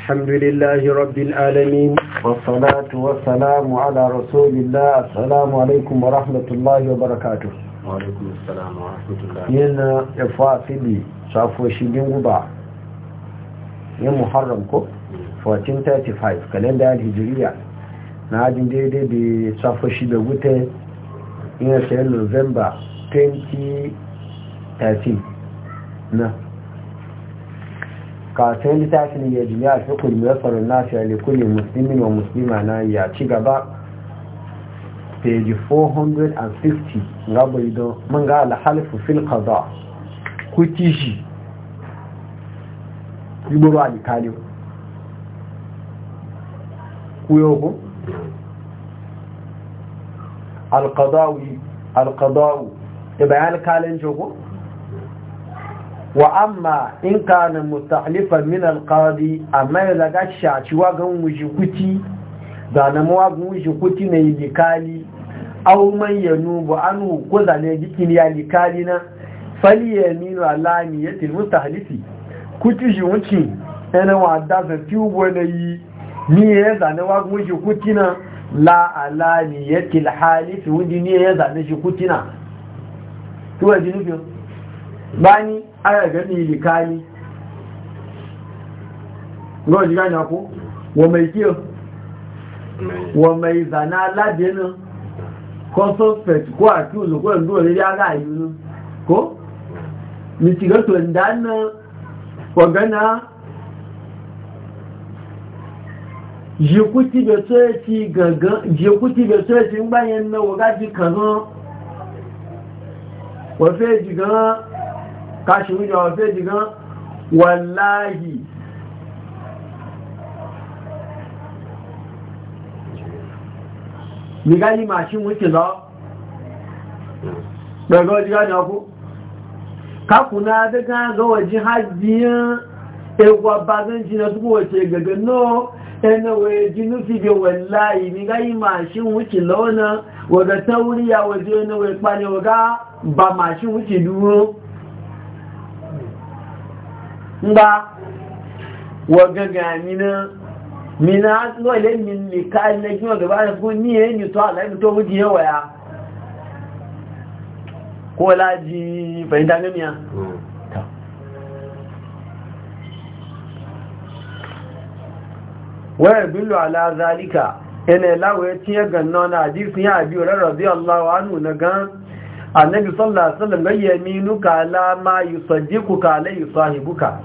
الحمد لله رب العالمين والصلاة والسلام على رسول الله السلام عليكم ورحمة الله وبركاته وعليكم السلام ورحمة الله ينا إفاصلي شافوا شدين غبا يا محرم كو 1435 كالندا الهجرية نعجم دي دي دي شافوا شدين غوتي ينا سيئن نوفمبر 2013 نعم kafin littafin ya ji ya fi kulmiyar tsaron nasu ya likuli musulmi wa musulma na ya ci gaba page 450 ga baido man ga alhalifu fil ku ci shi yiboro alikali kuyoko alqadawi alqadawi ya e bayan kalin jogo wa amma in kana mutahlifan min alqadi amma ya ga shaci wa gan mujukuti da na mu wa gan mujukuti yi likali aw man yanubu anhu ko da ne dikin ya likali na fali yaminu alani yati mutahlifi kuti shi jiwuci ana wa da za ti ubo ne yi ni ya da na wa gan mujukuti na la ya yati alhalifi wudi ni ya da na shi kuti na to wajinu biyo bani ana gani lili gọ́ọ̀ jí gáyàn kú wọ́n mai kí zana wọ́n mai zànà aládẹ́nà kọ́ suspect kó àti òzòkó ẹ̀ndú orílẹ̀ ara ìlú kó mitigato ìdáná ọ̀gánà jikú tí bẹ̀ tó ẹ̀ ti gangan ti gan káṣí wíjọ ọ̀fẹ́ jì gan wàláhì nígáyí máa ṣí mú ìkìlọ́ pẹ̀lú ọjọ́ ni ọkú kákùnlá adéká gọ́wọ̀ jí ha jíyàn ẹwà bá na jìnà tó kúwọ̀ ṣe gẹ̀gẹ̀ náà ẹnàwẹ̀ jínú fi gẹ̀ wẹ̀ láì nígáyí máa ṣí mú ìkìlọ́ náà wọ̀gẹ̀ tẹ́wúríyà wọ̀dí ẹnàwẹ̀ pàníwọ̀gá bà máa ṣí mú ngba waga gamina mina lo ile min ni ka ile ki waga ba fún ni e ni to ala to wuji e waya ko la ji fa inda ne miya wa yadullu ala zalika ina lawa ya tiya ganna na hadisi ya abi radiyallahu anhu nuna gan annabi sallallahu alaihi wasallam ga yaminuka la ma yusaddiquka la yusahibuka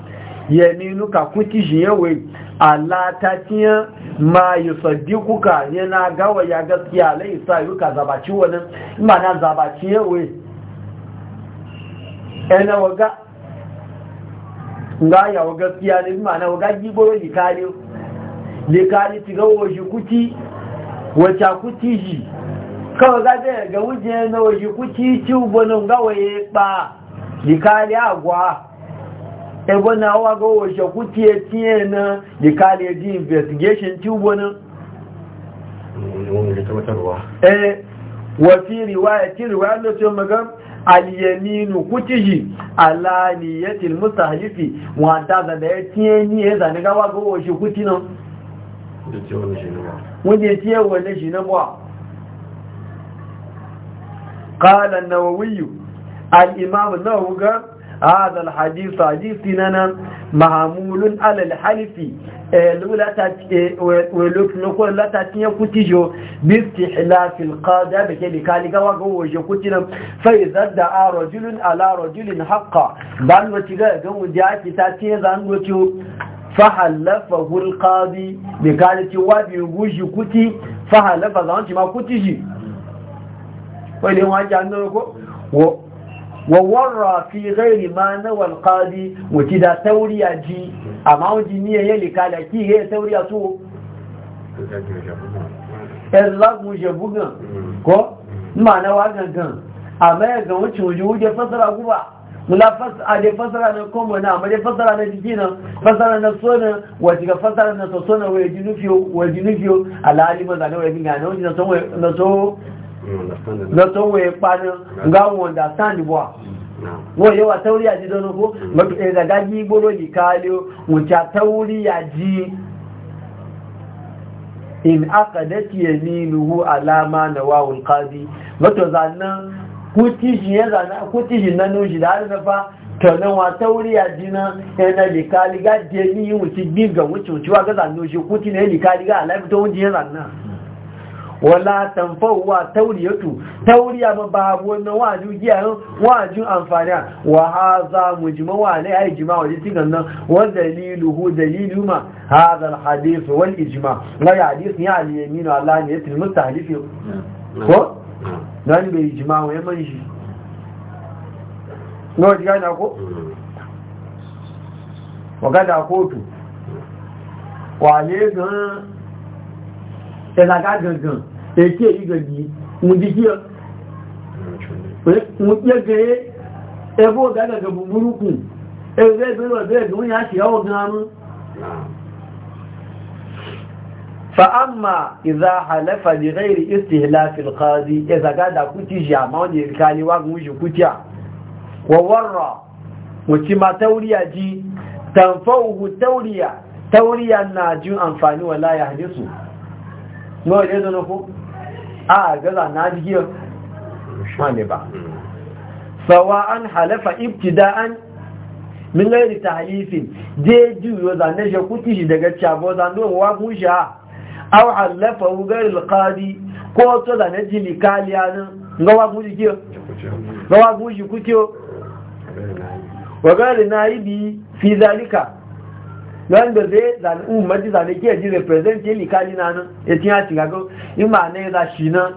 yaminuka kuti jiyewe ala tiya ma yusaddiquka yana gawa ya gaskiya la yusahibuka zabaci wannan imana zabaci yewe ena waga nga ya waga gaskiya ne na waga giboro likali likali tigawo shi kuti wacce kuti shi kawai za ta ga wuje na waje kuci ci ubonin gawaye ba likali agwa ebe na awa ga waje kuci ya tiye e na likali ji e investigation ci ubonin eh wafi riwaya ci riwaya na ce magan aliyaminu kuciji alaniyatil mustahlifi wanda da ya tiye ni ya e zane gawa ga waje kuki nan wanda ya tiye wanda shi na ba قال النووي الإمام النووي هذا الحديث حديثنا معمول على الحلف ولكن لا تتنيا كتجو باستحلاف القادة بكلي كالي وقو وجو كتنا فإذا دعا رجل على رجل حقا بان وتغا قو دعاك تاتنيا ذان وتو فحلفه القاضي بكالي وابي وجو كتي فحلف ذان ما كتجي wani wani jami'ar ko wawarra fi gairi ma na walƙadi wace da tauriya ji a ma'auji niyan yin likada ki ga tauriya so ɗazlagun shabugan ko ma na wagangan a ga fasara guba fasara na na fasara na na fasara na sona fasara na na so lọ́tọ́ wọ́n pa ní gáwọn understand wà wọ́n yóò wà tauri àjí lọ́nà kó ẹ̀dàdájí gbóró ìkáàlẹ́ òjá tauri ji in akadati yaminuhu alama nawawul qadi wato zannan kuti shi ya zanna kuti shi da har fa tọ̀nà wọn àtẹ́wórí àdínà ẹ̀nà ìkàlígá jẹ ní ìwọ̀n ti gbígbà wọ́n tí wọ́n ti wá gẹ́gà ní oṣù kú tí ní ìkàlígá aláìbí tó ń di ẹ̀rà wala tanfawwa tauriyatu tauriya ma babu wannan waju giyan waju amfani wa hadha wa ne ai jima wa jitin nan wa daliluhu dalilu ma hadha alhadith wal ijma la hadith ya al yamin Allah ne yatil mustahlif ko dan bai ijma wa yaman shi no diga na ko wa gada kotu wa ne gan ẹ̀làgá gangan èké ìgbẹ̀gbì mùdíkíọ́ mùdíkíọ́ ẹbú ọ̀gágagà búburúkù ẹgbẹ́ ìbẹ̀rẹ̀ ọ̀bẹ̀ ẹ̀gbẹ̀ wọ́n yá ṣe ọwọ́ gánú fa'amma ìzá halafa lè rẹ̀rì istihlafil qazi ẹzàgádà kútí ṣe àmá wọ́n yẹ̀rì ká níwágun ṣe kútí à wọ̀wọ́rọ̀ mùtíma tauriya ji tàǹfọ́ òhù tauriya na jin amfani wala ya ní ọjọ́ ìdánná fún àgbẹ́lá náà jígí wọ́n bá sọwọ́ an halafa ibtida an min gairi tahlifin jeji yo zane shi shi daga cabo zane wa kusha aw halafa gairi alqadi wa wa kushi wanda zai zane umar ji zane ke ji represent na nan ya tiya shiga ga ima na ya zashi nan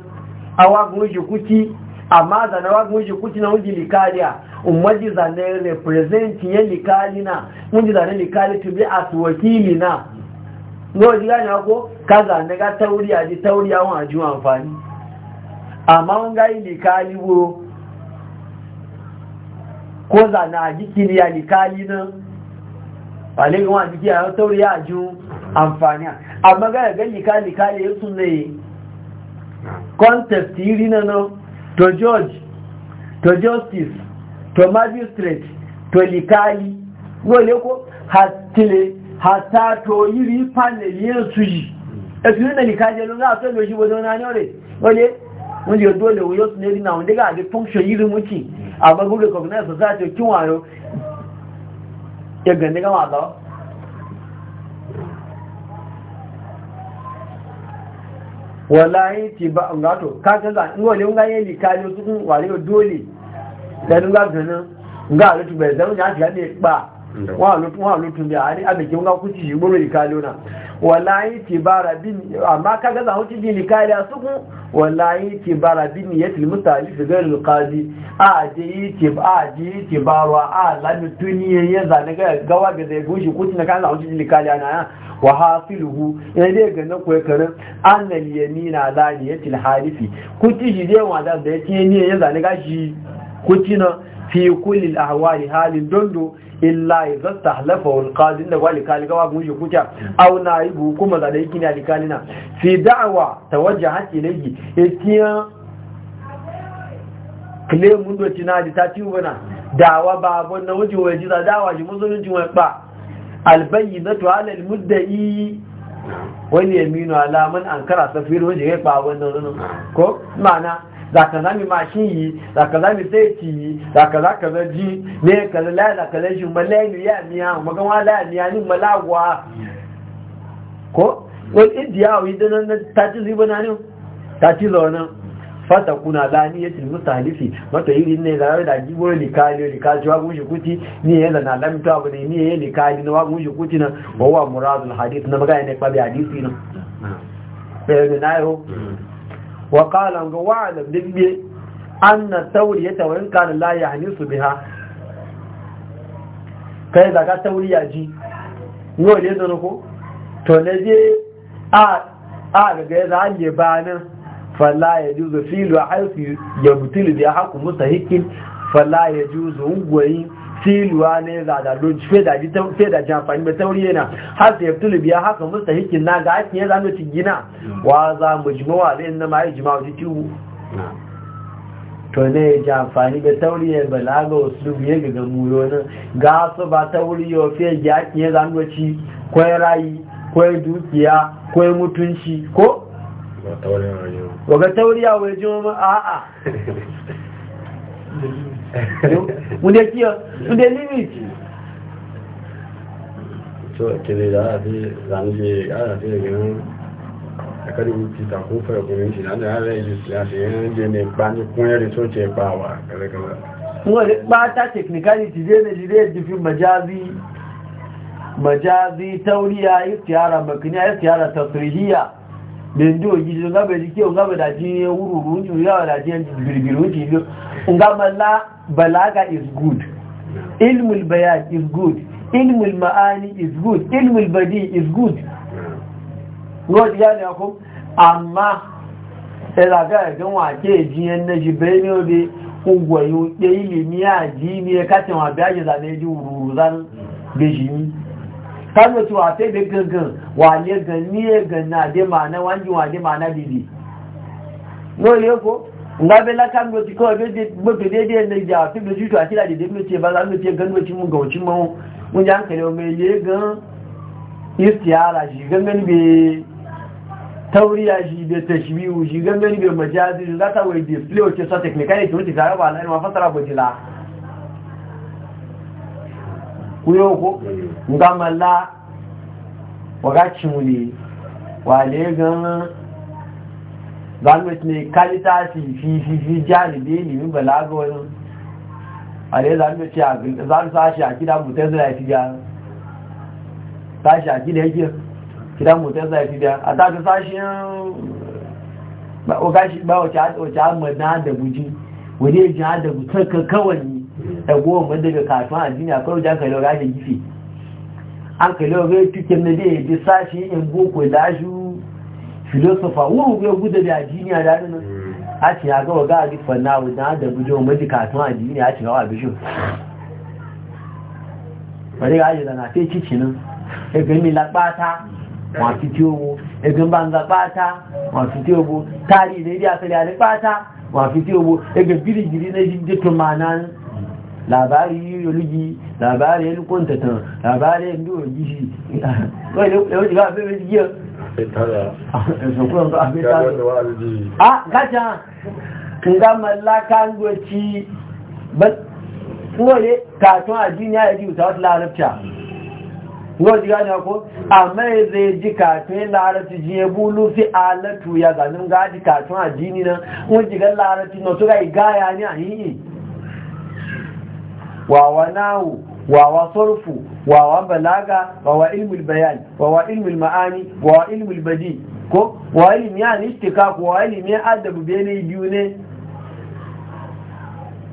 a wagon shi kuki amma zane wagon shi kuki na wuji likali a umar ji zane represent ya likali na wuji zane likali to be as wakili na no ji gani ko ka zane ga tauri a ji tauri a wani ajiyar amfani amma wani ga yi wuro ko zane a jikini ya likali nan wale ga wani jiki a tauri ya ju amfani amma ga ga lika lika ne su ne concept yiri na no to judge to justice to magistrate to likali wale ko hatile hata to yiri panel yin su yi ẹ̀sùn ní ìkájẹ́ ló láà tó lóṣìí wọ́n náà ní ọ̀rẹ́ wọ́n wọ́n yóò dóòlè wọ́n yóò tún lérí náà wọ́n dégà àti fúnkṣọ̀ yìí rí mú kí àgbàgbúrò kọ̀gbìnà ìsọ̀sáàtì kí wọ́n àrò ya gani gama da wallahi ti ba ngato ka ga zan ngo le nga yeli ka yo tukun wale dole da nga gana nga lutu be zan wọ́n lótún bí àárín àbẹ̀kí wọ́n kú ti ṣìgbóró ìkàlónà wọ́n láyé ti bára bí ní àmá kágázà wọ́n ti bí ní káàrí asúkún wọ́n láyé ti bára bí ní yẹ́ tìlúmútà ìfẹ̀gẹ́rẹ̀ lùkáàdì ààjẹ́ ti bára àlámitú ga wa ga zai kú ti na káàrí àwọn ti bí ní káàrí àná wa hasiluhu ya dai ga na kuwa karin annal yamina zaniyatil halifi kuti shi dai wanda da ya tiye ne ya ga gashi kucina fi kulli al-ahwali halin dondo illa idza tahlafa wal qadi inda wali kalika wa mun yukuta aw naibu kuma da dai kina likalina fi da'wa tawajjaha ilayhi ikiya kle mun do tina di tati ubana dawa ba na waje waji da dawa ji muzulunci wa ba albayyinatu ala almudda'i Wani yaminu ala man ankara safir waje ba wannan ko ma'ana zaka zami mashin yi zaka zami saiti yi zaka zaka zaji ne kaza la la kaza shi malayu ya miya magan wa la miya ni malagwa ko wal idiya wi dan nan ta ci zuba na ne ta ci zo nan fata kuna lani ya tilmu talifi mata yiri ne da da gibo likali likali wa gushi kuti ni ya da na lamta abu ne ni ya likali na wa gushi kuti na wa wa muradul hadith na magana ne kwabi hadisi na eh hmm. ne na yo hmm. wa qala ga wa'ala bibbi anna tawriyata wa in kana la yahnisu biha kai daga Yaji, ji no le dono to ne je a a ga za a je bana fala yajuzu filu haythu yabtil bi haqqi mustahiqin fala yajuzu ungwayin Siluwa ne za da loji fe da amfani mai tauri yana har da yaftulu biya haka musta hikin na ga ake ya zano ci gina wa za mu jimawa zai na ma yi jimawa jiki tiwu to ne ya amfani mai tauri ya ga wasu ya ga gamuyo nan ga su ba tauri ya fe ya ake ya zano ci kwai rayi kwai dukiya kwai mutunci ko? waga tauriya wajen a'a mo dé kí ọ mo dé límìtì. tó kele láti lànàjẹ àti ìgbìmọ̀ akẹ́lẹ́ wo ti takò fẹ́ ọkùnrin sí láti àárẹ̀ ìlú sí àṣeyẹn ń jẹ ní ipa ní kún ẹ̀rí tó jẹ ipa wà kẹlẹkẹlẹ. wọ́n lè pátá technicality dé ní ìdílé èdè fi majazi majazi dèndé òjijì ngábẹ̀ di kí ngábẹ̀ dàjí wúrúurú ń jù yáwà dàjí gbìrìgbìrì ń jì ló ngámàlá balaga is good ilmul bayan is good ilmul ma'ani is good ilmul badi is good wọ́n ti yá ni ọkọ́ àmá ẹlàgá ẹ̀gán wọn àti èjìyàn náà ṣe bẹ́ẹ̀ ní òde ugwọ̀ yóò pé ilé ní àjí ní ẹkátẹ̀wọ̀n àbí àjẹ́sà ní ẹjú wúrúurú sánú gbèjì yìí kanu ti wa sai da gangan wa ne gani ya a de mana wanji wa mana bibi no le ko nga be la kanu ti ko be de be de de ne ja fi be jutu akila de de me ti ba la me ti ganu ti mu ga uchi mu. mun ja kare o me ye gan istiara ji gangan be tauriya ji be tashbihu ji gangan be majazi za ta wai display o ce sa technicality wuce ga ba la ina e fasara bujila kuyoko mm. ngamala wakachimuli wale gan zanwet ne kalita si fi fi fi jari bi ni min ga wani ale zanwet ya zan sashi a kida mutan zai fi ga sashi a kida yake kida mutan zai fi ga a ta sashi ba wa gashi ba o ta o ta da buji wani ya ji da mutan kawai ɗagowar wadda daga kasuwa a jini a kawai da aka yi laura da gifi an ka laura tukin na dai bi sashi in boko da shi filosofa wuru bai guda da jini a daɗin nan a ce ya gawa gawa duk fanna wadda da wa wadda kasuwa a jini a ce gawa bishin wadda ya ajiye zana sai cici nan ya gami laɓata masu tiyobo ya gami banza ɓata masu tiyobo tari da ya biya sali a da ɓata masu tiyobo ya gami na jin jitun ma nan labari yi labari elukontatan labari endurogisi ẹwọ́n ti bá fẹ́ méjì yẹ́ ẹ̀sọ̀kúrọ̀ tó àfẹ́tàrà ah mallaka ń gbé tí a wọ́n ti gani ọkọ́ àmẹ́ ẹ̀zẹ̀ jí kàtún lárabta jí ẹbú ló fi alẹ́tù ya zanúngá jí kàtún àjíní náà wọ́n jí gẹ́ lárabta náà tó gáyà ní àyíyìn wawa nahu wawa sarfu wawa balaga wawa ilmul bayan wawa ilmul ma'ani wawa ilmul badi ko wawa ilmi an nishtika ko wawa ilmi adabu bene biyu ne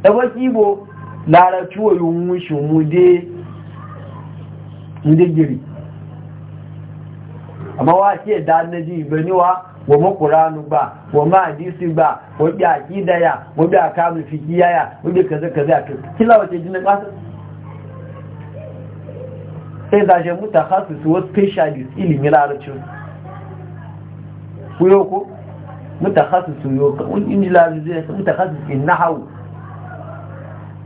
da wasi bo larabci wa yunwu shi mu de ndigiri amma wa ke da na bani wa wa makuranu ba wa ma hadisi ba wa bi aqida ya wa bi akamu fikiya ya wa bi kaza kaza to kila wace jinin kasa sai da je mutakhassis wa specialist ilimin larabci ku yo ko mutakhassis yo ka un injilari zai mutakhassis in nahwu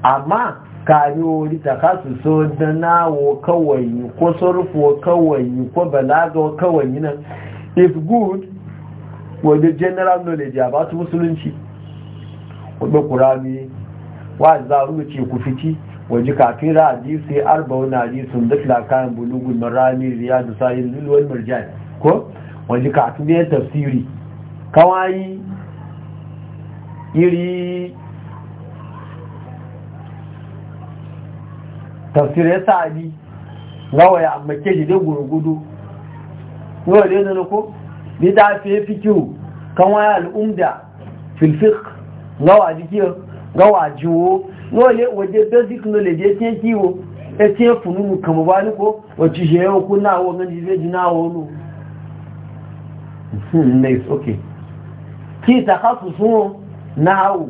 amma kariyo takhasu so dana nawo kawai ko surfo kawai ko balaga kawai nan its good wadda general knowledge ya ba su musulunci wadda kurami wa za a rubuce ku fiti waje kafin ra'adi sai arba wani hadisun duk kayan bulugun marami riyadu sayin lulluwar marjan ko waje kafin ne tafsiri kawai iri tafsirai sa'adi gawa ya amma ke shi dai gurugudu yau da yanzu ko littafi fikihu kan waya al'umda filfik gawa jikiyo gawa jiwo lole waje basic knowledge ya tiye kiwo ya tiye fununu kama ba ni ko wacce shi yau kuna wa ganji zai ji na wani nice okay ki ta na hau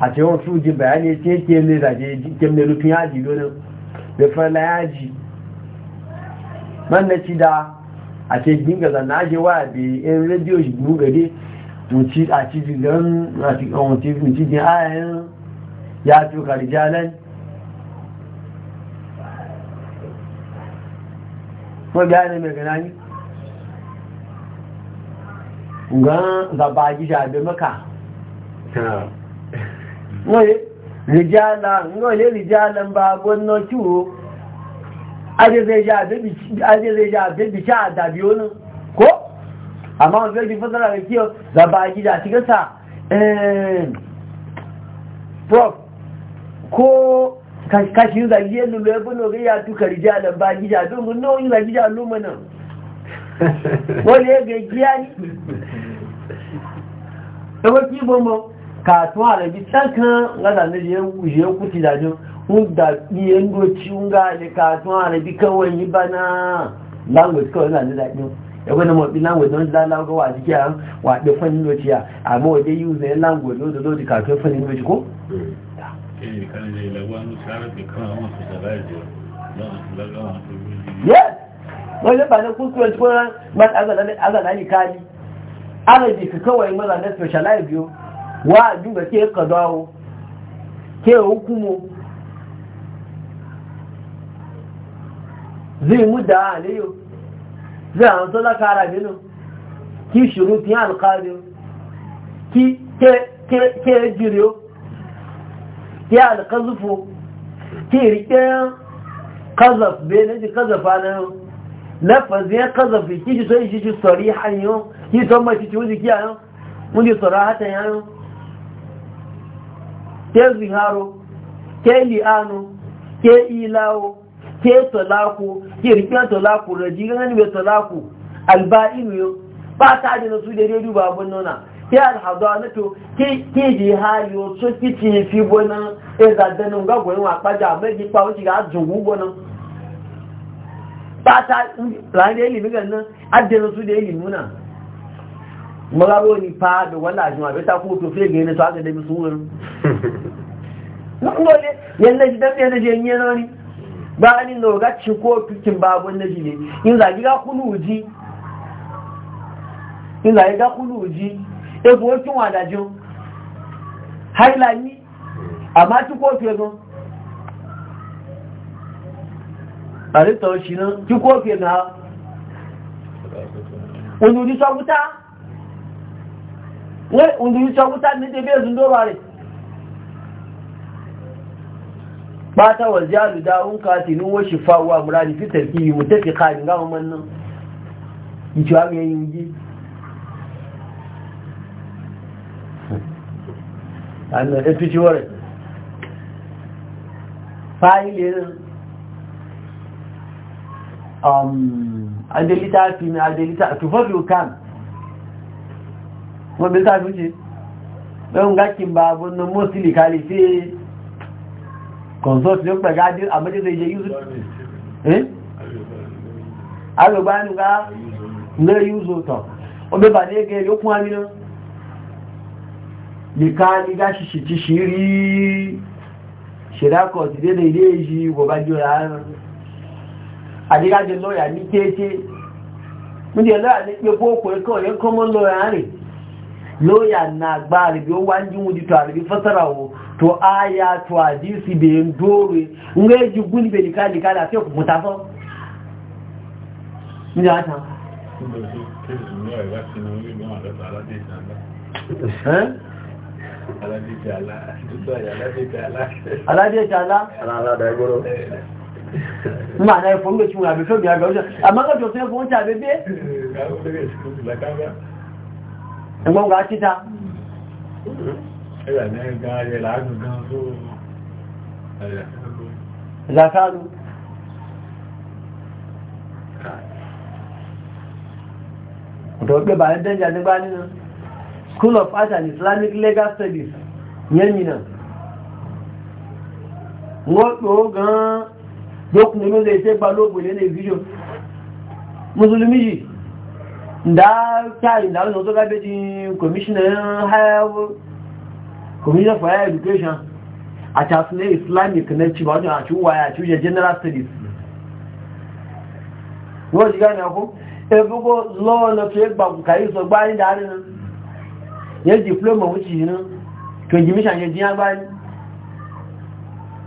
a ce wọn fuji bayani ce kemle zaje kemle rufin yaji donin da farla yaji man na ci da a ce ginga zanna aje waya bi in rediyo shi gugu gade muci a ci jigan muci jin ayayen ya tuka rijalan wọ́n gbáyé mai gana ní ǹgan zàbà jíjà àbẹ̀ mọ́ka wọ́n rìjálà wọ́n lè rìjálà ń bá agbóná tí ó ajẹ́rẹ́jà àbẹ́bì ṣá àdàbí ó náà kó àmá wọ́n fẹ́ jí fọ́sára rẹ̀ kí ọ bàbá àjíjà sa kẹta prof ko kashin zage lulu ya bino ga ya tuka rijalan ba gija domin nau'in zagija lumanin wani ya ga giya ne ɗaukaki bombo kàtún àrẹ̀bí sákan látàrí yẹ kú ti dájú ń dà iye ń lóci ń gá ilẹ̀ kàtún àrẹ̀bí kẹwọ́ yìí language kawai na daɗi yakwai na mafi language don lalaga wa jiki a waɗe fannin loci a amma waje yi zai language loda loda kafin fannin loci ko? yes wani ba na kuskuren cikin masu azalani kari arabi ka kawai maza na biyu wa duba ke kadawo ke hukumo zai muda aliyu zai hantu na kara binu ki shuruti alkali ki ke jiriyo ki alkazufu ki rike kazaf bai na ji kazafa na yau lafazin kazafi ki ji so yi shi sori hanyo ki son mace ci wuzi ki yayon wuzi sora hatan yayon ke ziharo ke li'ano ke ilawo ke talaku ke rikin talaku da jiran ne talaku alba'inu yo ba ta da nasu da redu babun nuna ke alhadu na to ke ji hayo so kici fi bonan e zaddanin gagoyin wa kpaja mai gipa wuce ga zugu bonan ba ta ranar ilimin e ganin adda nasu da ilimin e nuna malabo ni fa da wala ajima bai ta ko to fe ga ne to aka da mi sunan nan dole yalla shi dan yana je ni nani ba ni no ga ci ko tukin babu na ji ne in za ga kunu in za ga kunu e bo tun wa da jo haila ni amma ci ko fe gon ari to shi nan ci ko fe na Olùdíṣọ́gútá wai unduru cakuta ne ta biya zundo ba ne bata wa jalu da un katinu wa shifa'u wa muradi um, fi tarkibi mutafiqan ga mun nan yace wa ga yin wọ́n bí sáà lóṣe lọ́run gákí bá abúnnú mọ́sílì kàlì sí consulting ó pẹ̀gá àmọ́jẹ́sẹ̀ ìṣe yúzù alùgbà ti ṣì ilé ìṣì wọ̀bá jọ àdígájẹ lọ́yà ní kéèké mú jẹ ní pé fóòkùn ẹkọ̀ yẹn kọ́mọ́ lọ́yà rìn lawyer na gba alibi o wa njimu wuji to alibi fasara to aya to hadisi be ndore nge ji guni be likali kala se ku muta so ni ata alade jala alade goro ma na ifo e ngechi wa be so bi aga o se amaka jo se fo nta bebe ẹgbọ́n ga títà zakaru ọ̀tọ̀ pé bàrẹ̀ dẹ́jà nígbà nínú school of and islamic legal studies yẹ́mìnà wọ́n pè gan-an lókùnrin ló lè ṣe lẹ́nà ìfíjò yìí da kyari da wani otoka beji commissioner for higher education a tasirai islamic na ci wajen a waya a ciwaya general studies wọ́n ti gani ọkún ẹgbogbo lọ́wọ́ na tó yẹ gbàgbù kàrí sọ gbá ní dáadé náà diploma wọ́n ti yìí náà tó jìmí ṣàyẹ jíyàn gbá ní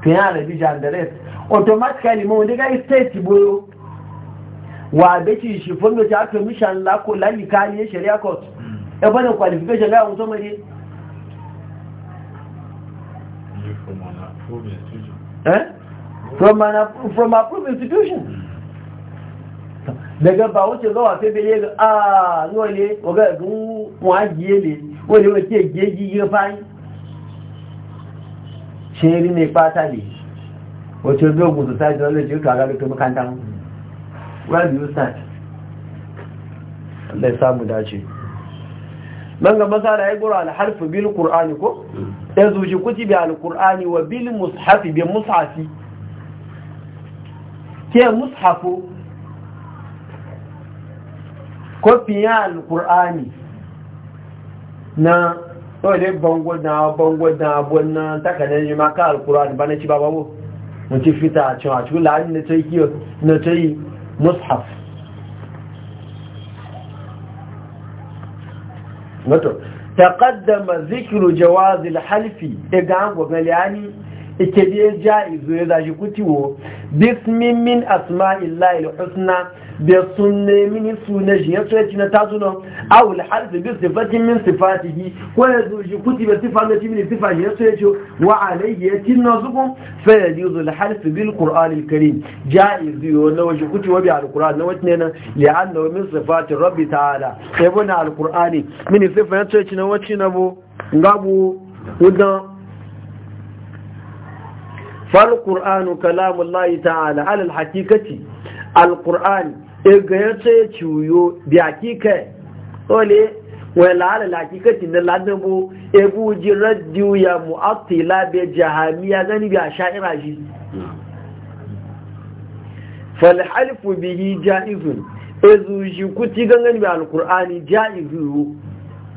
tó yẹ àrẹ̀bí jàndẹ̀rẹ̀ automatically mọ́ wọ́n dé gáyé state gbóró wa da ke shi fondo ta aka mishan lako lali kani ya e shari'a court ya e bada qualification ga mutum ne from an eh? from approved institution daga ba wuce zuwa sai bele ga a ah, nole waga gun wajiye ne wani wace geji ya fayi sheri ne fata ne wace zo gudu sai da lalace ka ga duk rabiu sa'ad Allah ya samu dace nan ga masala ya gura alharfi bil qur'ani ko ya zuci al alqur'ani wa bil mushafi bi mushafi ke mushafu al alqur'ani na dai bango na bango na bonna takadan yi maka ba bana ci baba mu mun ci fita a cewa ci la ni na ta kiyo na mushaf ta taqaddama zikru jawazil halfi daga e an gwagali ike biye ja'izu ya zashi kutiwo bismin min asma'illah husna da sunne mini sune shi ya tsoyaci na tazuna aw al harf bi sifatin min sifatihi ko ya zuji kuti bi sifa na min sifa ya tsoyaci wa alayhi yatin nazukum fa yajuzu al harf bil qur'an al karim ja'izu wa law shi kuti wa bi al qur'an na wacce ne li'anna min sifati rabbi ta'ala sai e bana al qur'ani mini sifa ya tsoyaci na wacce na bu ngabo wudan فالقرآن كلام الله تعالى على الحقيقة القرآن إغيرتي تشويو بحقيقة ولي ولا على الحقيقة إن الأدب إبو جرد يا مؤطلة بجهامية غني بأشائر عجيز فالحلف به جائز إذو جكتي غني بالقرآن جائز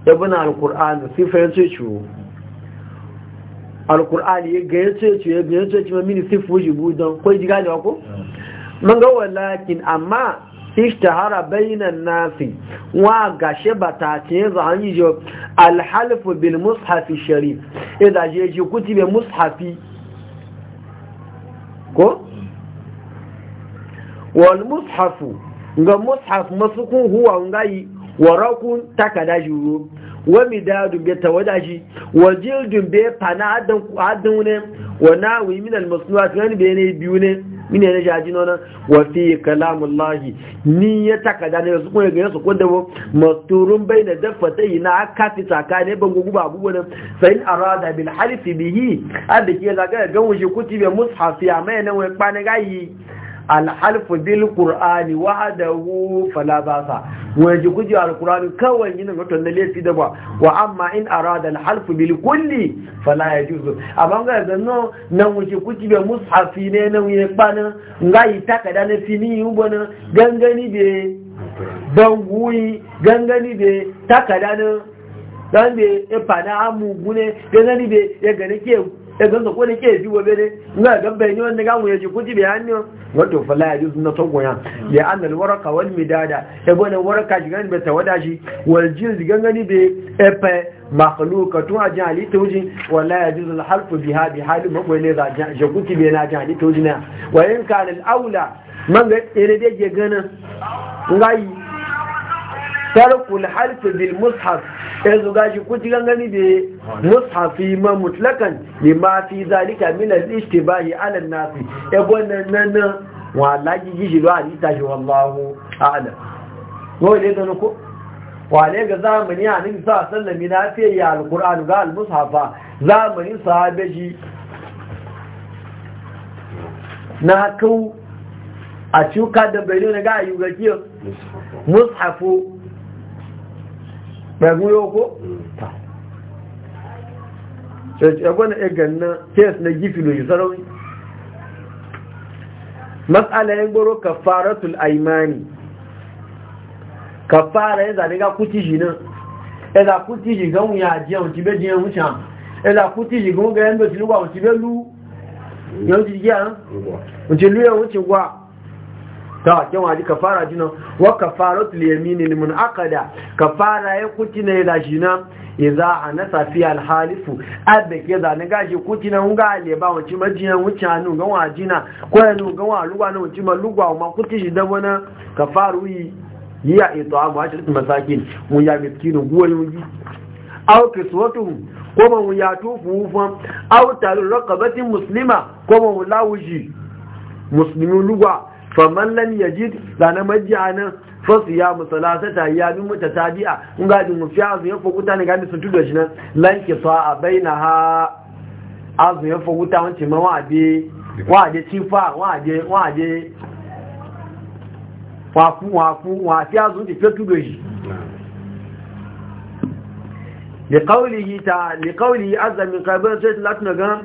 يبنى القرآن فرنسي تشويو alkur'ani ya ga yace ce ya ga yace ce mini sifu jibu don kai ji gane ko mun ga walakin amma ishtahara bainan nasi wa gashe bata ce za yi jo alhalf bil mushaf sharif idan e je ji kutibe mushafi ko wal mushafu ga mushaf masukun huwa ngai warakun takada juru wa midadu bi tawadashi wa jildun bi fana adan adan ne wa nawi min al masnuat yani bi ne biyu ne mine ne jaji nonan wa fi kalamullahi ni ya takada ne su kuma ga su ko da masturun baina dafatai na akati ne ban gugu babu ne sai arada bil halif bihi adike zaga ga wuce kutibe mushafi amma ne wai kwane gayi alhalfu bil qur'ani wahdahu fala basa waje kuji alqur'ani kawai yin ga tonne lefi da ba wa amma in arada alhalfu bil kulli fala yajuzu amma ga zanno nan wuce kuji be mushafi ne nan ya bana ngai takada na fini ubona gangani be banguyi gangani be takada na dan be e pana amu gune gangani be ya gane ke idan zakon da ke yi wa bere ina gaba yi wanda gamu ya ji kuji bai hannu wato fala ya yuzu na tsogoya ya annal waraka wani mai dada ya gwani waraka shi gani bai tawada shi wal jin zigan gani bai efe tun a jin halitta wuji wala ya yuzu na harfi biha bi hali makwai ne za a jin kuji bai na jin halitta wuji na wayan kanin aula man ga ɗaya da ke ganin ngayi tarkul harfi bil mushaf ya eh, zuga shi kuti gangani da mushafi ma mutlakan ne ma fi zalika min al-ishtibahi ala an-nasi e eh, gwanan nan wala gigi shi ba ta tashi wallahu a'lam ko ne da nuku wale ga zamani a nabi sa sallami na fi ya al ga al-mushafa zamani sahabe shi na kau a cuka da nuna ga ayyuka kiyo mushafu bayan yau ko? yagwana egan na kes na gifilo yi sarauni matsala yin goro kafaratul aimani kafara yin zane ga kuti shi nan ẹza kuti shi gan wuya jiya wuci be jiya wucan ẹza kuti shi gan wuga yan doci lugwa wuci be lu yan wuci jiya wuci lu yan wuci gwa ta kyan waje kafara jinan wa kafarat liyamini limun akada kafara ya kuti na ya ya za a anasa fi alhalifu abbe ke za na gashi kuti na nga le ba wuci majiyan wuci hannu ga wajina ko anu ga ruwa na wuci malugwa ma kuti shi dabo na, kafaru yi ya ito abu a shirin masakin mun ya miskinu guwayoyi yi aw kiswatuhum ko man ya tufu fam aw talu raqabatin muslima ko man lawuji muslimin lugwa faman lam yajid da na majiyanan fasu ya musalasa ta ya bi mata tabi'a in ga din mufiya azu ya fokuta ne ga mi suntu da shi nan lan ki sa a baina ha azu ya fokuta wancin ma wade wade tifa wade wade wafu wafu wafi azu ti fetu da shi لقوله تعالى لقوله عز من قبل سيد الله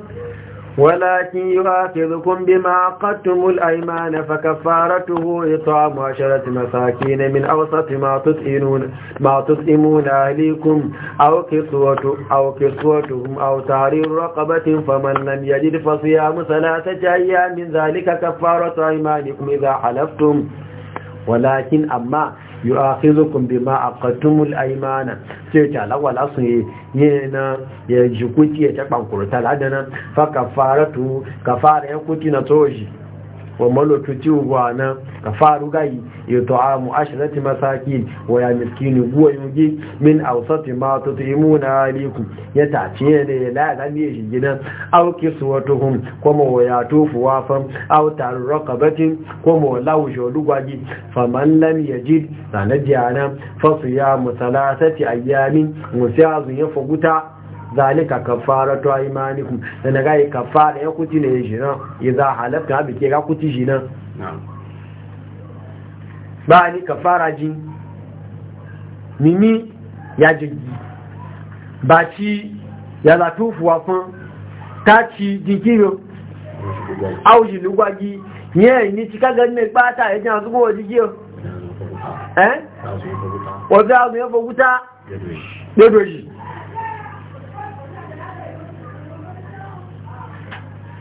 ولكن يؤاخذكم بما عقدتم الأيمان فكفارته إطعام عشرة مساكين من أوسط ما تطعمون ما تطئمون أهليكم أو كسوة أو كسوتهم أو تعرير رقبة فمن لم يجد فصيام ثلاثة أيام من ذلك كفارة أيمانكم إذا حلفتم ولكن أما yu'akhidhukum bima aqadtumul aymana sai ta lawala sun yana ya jikuti ya ta bankurta ladana fa kafaratu kafara ya kuti na toji wa malotuci gwana ka faru gayi ya ta'amu ashirati masaki wa ya miskini guwa yugi min ausati ma ta na alikum ya tace ne ya la ga ne shi gidan aw kiswatuhum kuma wa ya tofu wafan aw tarraqabatin kuma wa law shodu gwaji faman lam ya sanadiyana fa siyamu thalathati ayamin musyazu ya faguta zalika kafaratu aymanikum dan ga yi kafara ya kuti ne ya za halafta bi ke ga kuti jina ba ni kafara ji mimi ya jigi ba ci ya la tufu wa fun ta ci jikiro au ji lugwaji ye ni ti ka ga ne pa ta e jan sugo jikiro eh o da mi o foguta dodoji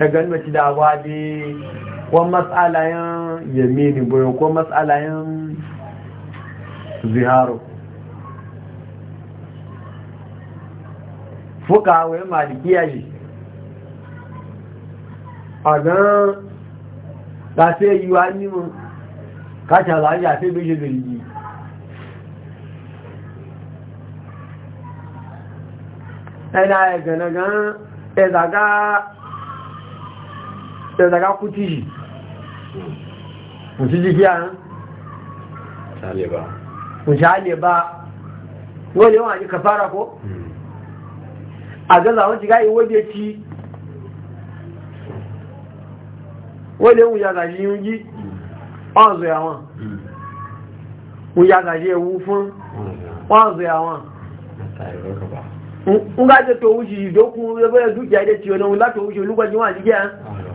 daga shi da agwabi ko matsalayen yamini boyo ko matsalayen ziharu fuka wai malikiya ji a gan fi yi wa nimin a yi a fi bishin zirgi ɗaya ya gana gan zaga ẹ̀sàká kú tí yìí òtí jí kí a ń òtí a lè bá wọ́n lè wọ́n àti kàfàrà kó àgẹ́lá Wani ti ká ìwé dé tí wọ́n lè wùn yàtà yìí yí ọ̀zọ̀ àwọn mu. yàtà yìí ewu fún ọ̀zọ̀ àwọn ń gájẹ́ tó wùsì ìdókùn ẹgbẹ́ dúkìá dé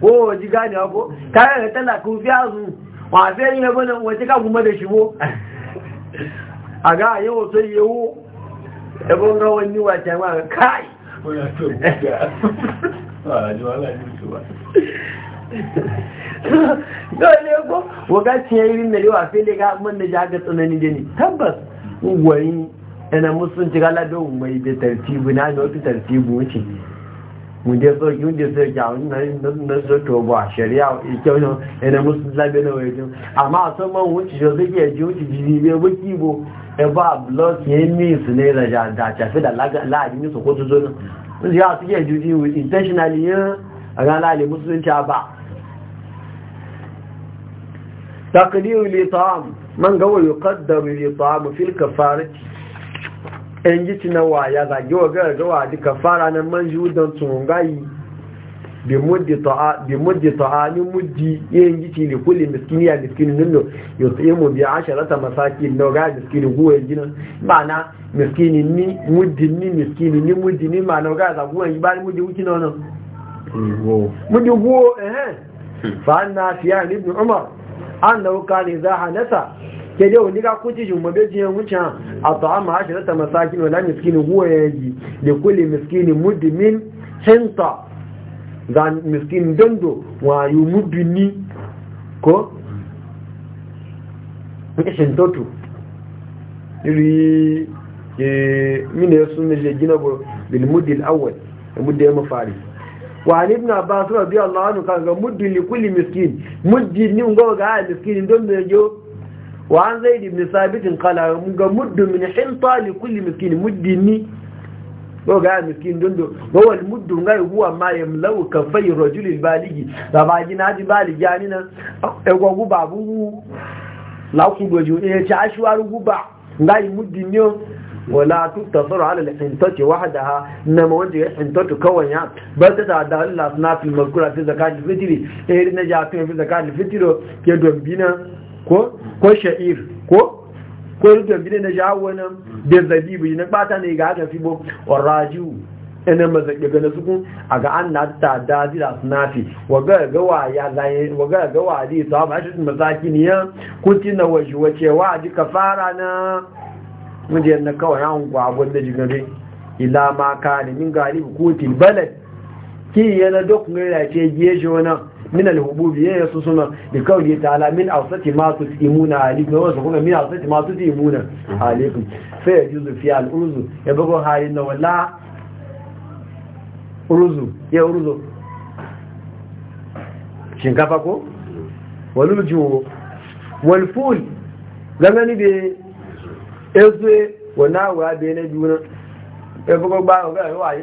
ko waje gane ko kayan da talakun fi azu wa sai yin yabo nan waje ka kuma da shigo a ga yau sai yawo yabon ga wani wata ma ga kai dole ko waga irin da yawa sai da ga mun da ja ga tsanani da ni tabbas wani ina musun ci galado mai da tartibu na ga wata tartibu wuce wunde so yunde so na na so to ba sharia ike no ene musu labe na wejo amma so man wuci so zake ji wuci ji be wuci bo e ba block ye mi su ne da ja da a fi da la ji so ko zo no ya su ke juji intentionally ya aga la le musulunci ba taqdir li ta'am man gawa yuqaddaru li ta'am fil kafarati yan gici na waya zage wa gargawa duka fara nan man ji don tsungayi bi muddi ta'ani muddi yan gici ne kulli miskini ya miskini nillo yau tsaye mu biya asharata masaki na ga miskini guwa gina na, miskini ni muddi ni miskini ni muddi ni ma'ana ga za guwa yi bani muddi wuki na wannan muddi guwa eh fa'an na fiya ibn umar an lauka ne za a nasa ke wani ga kuci shi mu beji yan wucin a ta'ama ashirata masakin wala miskini huwa e yaji da kulli miskini mudmin hinta za miskini dando wayu mudini ko kishin totu iri min ya sunna je gina bil mudi al awwal e mudi ya mafari ibn abbas radiyallahu anhu kan ga mudin li miskin mudin ni ngo miskin don da yo wa an zaid ibn sabit qala ga muddu min hinta li kulli miskin muddini ko ga miskin dundo wa wal muddu ngai huwa ma yamlau kafai rajul al baligi da ba gina di baligi anina e go guba bu la ku goju e ta ashwaru guba ngai muddini wala tutasar ala al-hintati wahdaha inma wajha hintatu kawanya bal ta ta'adda Allah na fi mazkura e na ja ko sha'ir ko ko rito bide na jawo nan da zabibu na bata ne ga aka fi bo warajiu ina maza ga na sukun a ga an na ta dazira sunafi waga ga wa ya zaye waga ga wa zai ta ba shi mazaki ne kuti na waje wace wa ji fara na mun je na kawai an gwagon da jigare ila ma ka ne min galibu kuti balad ki yana dokun ga ya ce giye shi wannan min alhububi ya yasu suna da kawai ta'ala min ausati ma imuna alaikum wa wasu kuma min ausati ma su imuna alaikum sai ya juzu fi al'urzu ya bugu halin na wala urzu ya urzu shinkafa ko wani juwo wani ful gangani da ya zuwe wani juna ya bugu ba a ga yawa yi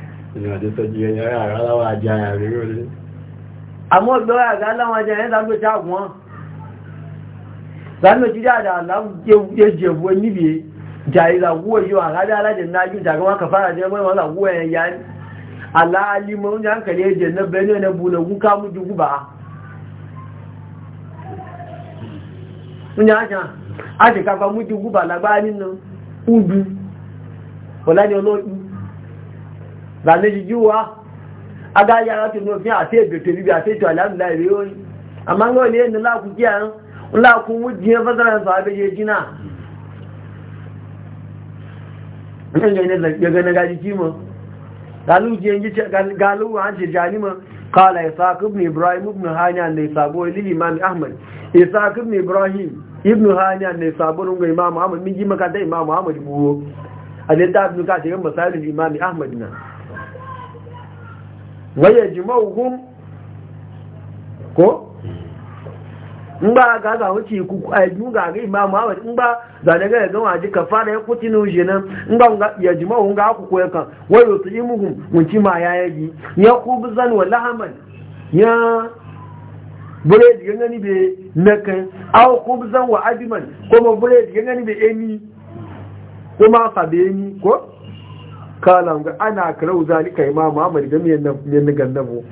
àmọ́ ìgbẹ́wà àgá da ajá ẹ̀ lágbé ṣáàgùn wọn láàrín òjíjá àdá aláwọ̀-jẹ̀bù níbi jàìlàwó yíò àgádá alájẹ̀ náájú jàgbọ́n kàfàrà jẹ́ mọ́ ìlàwó ẹ̀yà aláàlímọ̀ gúbà oúnjẹ nínú ọdún ọ̀lájẹ̀ olóòtú zane jijuwa a ga yara tun nufi a sai beto bibi a sai to alhamdulillah riyoyi amma ga wani yadda la ku kiya la ku mujje fasara sa be je jina ibn ibrahim ibn hanya ne sabo lil imam ahmad isaq ibn ibrahim ibn hanya ne sabo ga imam ahmad min ji makanta imam ahmad buwo a da ibn ka ce masalin imam ahmad na waya jima'uhum ko mba ga ga wuce ku a yi ga ga imamu awad in ba za da ga ga waje ka fara ya kuti no jenan in ba ya jima'uhum ga ku koyar kan wayo su imuhum mun ci ma ya yaji ya kubzan wa lahaman ya bure yan gani be nakan aw kubzan wa adiman kuma bure yan gani be eni kuma fabe ni ko kala ga ana karau zalika imam Muhammad da miyan nan miyan gannabo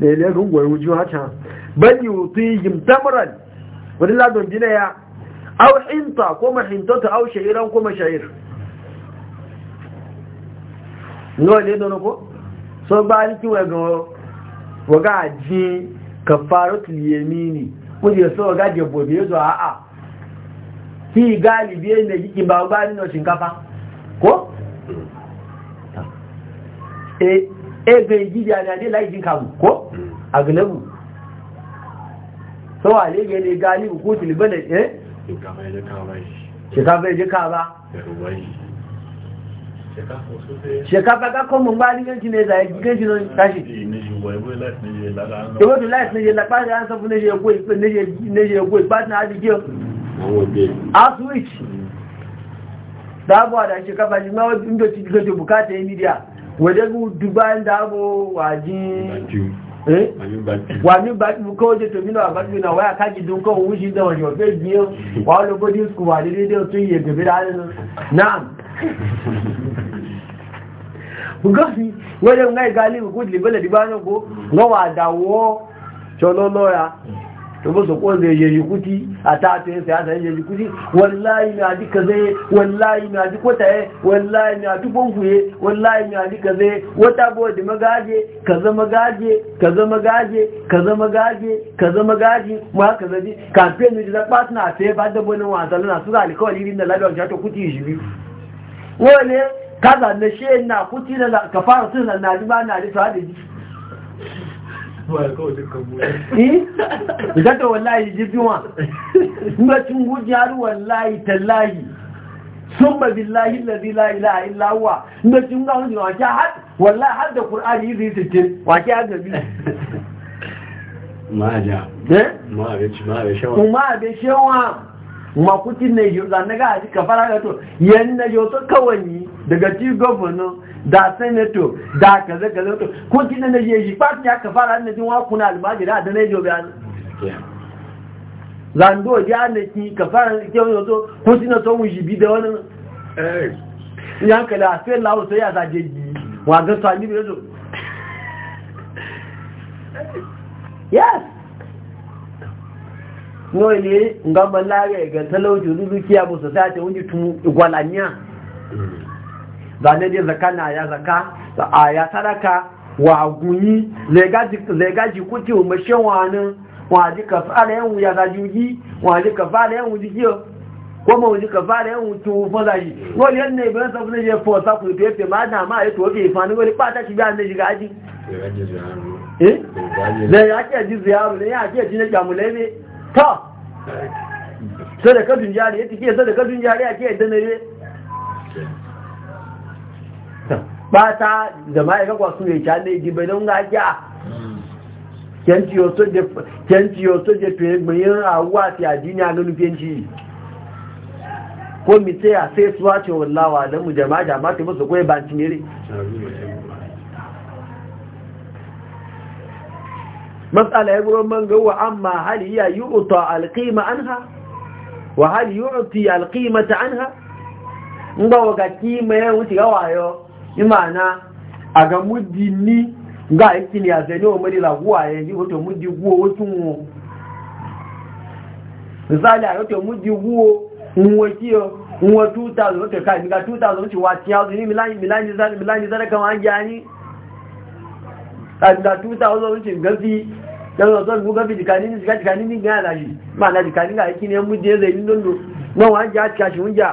da ile rungo ya wuju yi yi yi tamran wani ladon gina ya aw hinta ko ta au shahiran ko mashahir no ne don ko so ba ni ki wago waga ji kafaratul yamini ko je so waga je bobe zo a a ki galibi ne yiki ba ba ni no shinkafa ko Eh, ebe gidiya na dai laifin kamu ko hmm. a gulabu sau a lege ne galibu ko na eh? shekafa ya jika ba shekafa ga kọmọ gbá ní gẹ́jì ní ẹ̀zà gẹ́jì ní ṣáṣì ìwọ́n tó na níye lápá ní na fún níye ẹgbó ìpá ní àdíjẹ́ aswich dábọ̀ àdá shekafa ní mẹ́wọ́n tó ti gẹ́jì bukata ní wẹ̀dẹ́gùn dubai dáàbò wà jí wà ní bàtíbù kọ́ jẹ́ tòmínà àbájú náà wáyà kájìdún kọ́ òun ṣe dánwò yọ̀ fẹ́ gbí wà ó lọ́gbọ́ ní skù wà dédé tó yẹ gbẹ̀gbẹ̀ dáadẹ́nu náà gọ́sí wẹ́dẹ́ ń gáì gálí ìkú ìdìlẹ̀bẹ̀lẹ̀ dìbánú kó wọ́n wà dáwọ́ ṣọlọ́lọ́ra domin su ko zai yayi kuti a ta ta yin siyasa yin yayi kuti wallahi na ji ka zai wallahi na ji kota ye wallahi na ji bonkuye wallahi na ji ka zai wata bo da magaje ka zama gaje ka zama gaje ka zama gaje ka zama gaje mu haka zabi campaign ne da partner sai ba da bonin wasa lana su alƙawari din da ladan ja to kuti shi wole kaza na she na kuti na ka fara sun na ji ba na ji da hadi ìdájọ́ wàláyìí jíbí wọn nígbàtún gújárù wàláyìí tàláyìí sọ́mọ̀ bí láyìí lẹ́bí láyìí láwà nígbàtún gáwọn jù wàkí har da kùránì yìí rí tètè wàkí agàbí máa jà máa rẹ̀ makucin ne yi zane ga a cika fara gato yan na yi wasu kawani daga ci gwamnan da senato da kaza kaza to ko kin na yi yi fat ya ka fara na jin wakuna albaji da adana yi jobe an zando ya ne ki ka fara ke wani to ko kin na shi bi da wani eh yan ka la lawo sai ya zaje ji wa ga to ani yes ñoy ni nga ma laawe ga talaw ju lu ci abu sa ta wundi tu gwalanya da mm. ne di zakana ya zaka ta aya sadaka wa guni legaji legaji kuti ti o ma she wanu wa di ka fara en wu ya da juji wa di ka fara en wu di ko ma wu ka fara en wu tu fo da yi ko le ne ba sa fune je fo sa ku te te ma na ma e to ke fa ni ko le pa ta ti ba ne ji gaji eh le ya ke ji ziaru le ya ke ji ne jamu ta sadakatun jariya take sadakatun jariya ke da nare ba ta da ma'aikakwa su ne ta ne gibe don ga kya kyanci yau soje fiye gbayin awuwa fi adini a ganin fiyanci ko mi sai sai suwa ce wallawa don mu jama'a jama'a ta musu kawai banci ne matsala ya gurin man gawa amma hali yi uta alƙima an ha wa hali yi uti alƙima ta an ha in ba wa ga kima wuce gawa yau imana a ga muddi ni ga aiki ne a zane wa misali 2000 wato kai miga 2000 wato wa ciyazu ni milani zara kama an gyani a da 2000 wato dan zo zan fi bijikani ni jikani ni ga na shi ma na jikani ga yake ne mu je zai ni londo nan wa ha ta shi hunja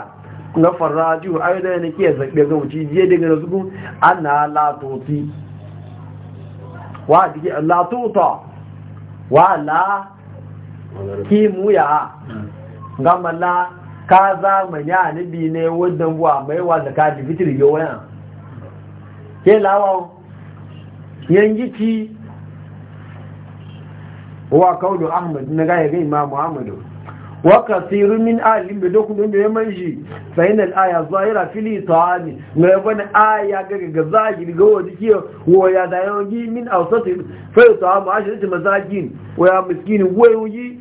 na faraju ayo da ne ke zabe ga wuci je daga zugun ana la toti wa la tota wa la ki mu ya gamala ka za ya nabi buwa waya wa kaulu ahmad na ga ga imam muhammad wa kasirun min alim da dokun da ya manji fa inal aya zahira fili ta'ani ma yabana aya ga ga zaji ga wodi kiyo wo ya da yogi min awsati fa ta'amu ashrati mazakin wa ya wo yogi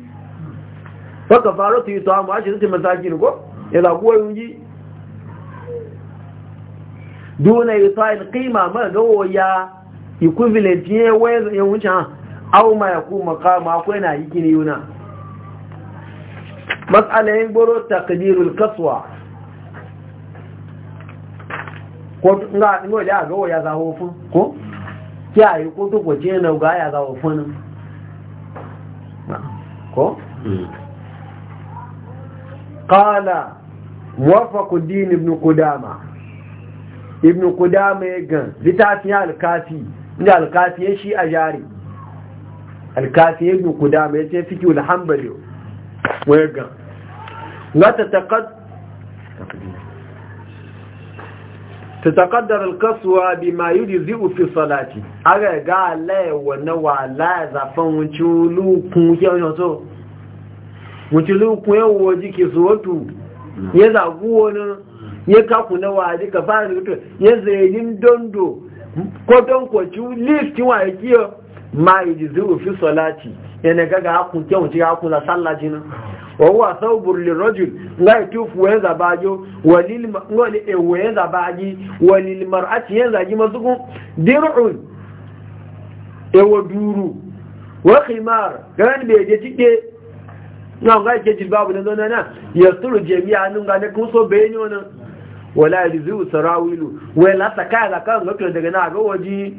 fa kafaratu ta'amu ashrati mazakin ko ila yogi duna yusa'il qima ma ga ya equivalent ye wayoyi wucin au ma ya ku makama akwai na yi gini yuna matsalayin goro takdirul kaswa ko nga ngo da ga ya zawo fun ko kya yi ko to ko jena ga ya zawo fun ko qala wafaq din ibn qudama ibn qudama ya gan litafi al-kafi inda al-kafi shi a jari alkafi ibn kudama yace fiki wal hanbali wega la tataqad tataqaddar alqaswa bima yujzi'u fi salati aga ga la wa na wa la za fan wucu lukun ke won so wucu lukun ya wo jiki so wotu ye za guwo na ye ka ku na wa jika fa ni to ye zayin dondo ko don ko ju lift wa ya kiyo ma yi yujzi'u fi salati yana gaga hakun kyau ci hakun la sallah jin wa huwa thawbur lirajul la yutufu wa zabajo walil ngoli e wa zabaji walil mar'ati yanzu ji mazugun dir'un e wa duru wa khimar gan be je tike na ga ke jilbabu nan nan na yasturu jami'a nun ga ne kun so bayani wannan wala yujzi'u sarawilu wala sakala kan lokacin daga na ga waji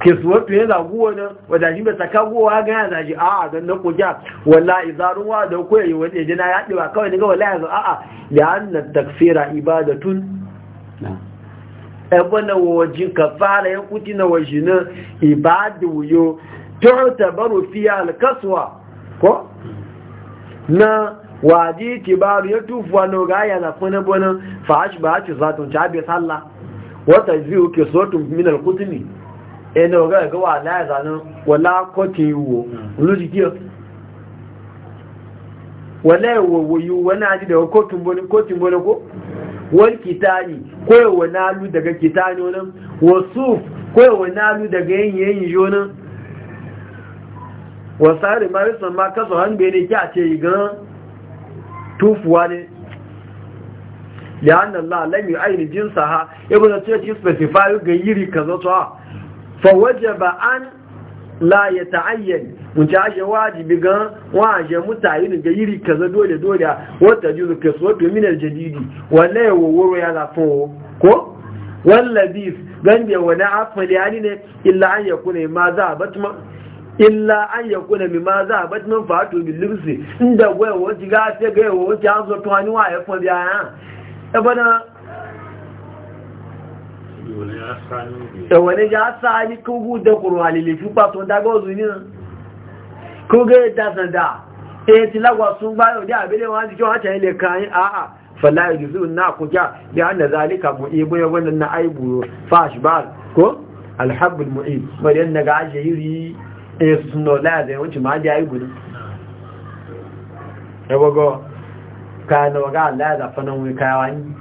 ke yana ya zagu wani wadashi bai saka gowa ga yana zaji a a don na kogiya walla izarun wa da kuwa yi wani jina ya ɗiba kawai daga walla ya zo a a da hannun takfira ibadatun ɗan wani wajen ka fara ya kuti na waje na ibadu yo ta baro fiye alkaswa ko na waje baro ya tufuwa na gaya na kuna bonan fahashi ba a ci zatun ta sallah wata zai uke sotun minal ne. ẹni ọ̀gá ẹ̀gọ́ wà láìsànú wọlá kọ́kẹ́ ìwò olójíkíọ̀ wọlá ìwòwò yíò wọ́n náà jílẹ̀ kọ́tùnbọ́nukó wọ́n ní kó ẹ̀wọ̀ náà lú daga kó ẹ̀wọ̀ náà lú daga yẹnyẹ yíyó náà wọ́sáàrì marisan ma kásọ̀ hangbe ne kí tufuwa ne ha ce specify yiri ba an la ya ta'ayyan a ṣe wajibi gan waje mutane ga yiri kaza dole dole wata ka so jadidi wala ya waworo ya ko gan da wani afali yani ne illa an yakuna ma za batma illa an yakuna ma batma inda wai wani ga ga wani an ẹ̀wọ̀n ní já sáà ní kúrú dẹkùrù àlèlè fúpa tó dágọ́ọ̀zù ní kúrú dásàndà èyí ti lágbàsún gbáyọ̀ ní àbílẹ̀ wọn ti kí wọ́n tẹ̀ ilẹ̀ kan àà fàláyé jùsù náà kò já bí a mu e e ya wannan e na aibu fashbal ko alhabbul mu'in bari yan daga da yawanci ma aibu ne Ya kayan na waga da kayawani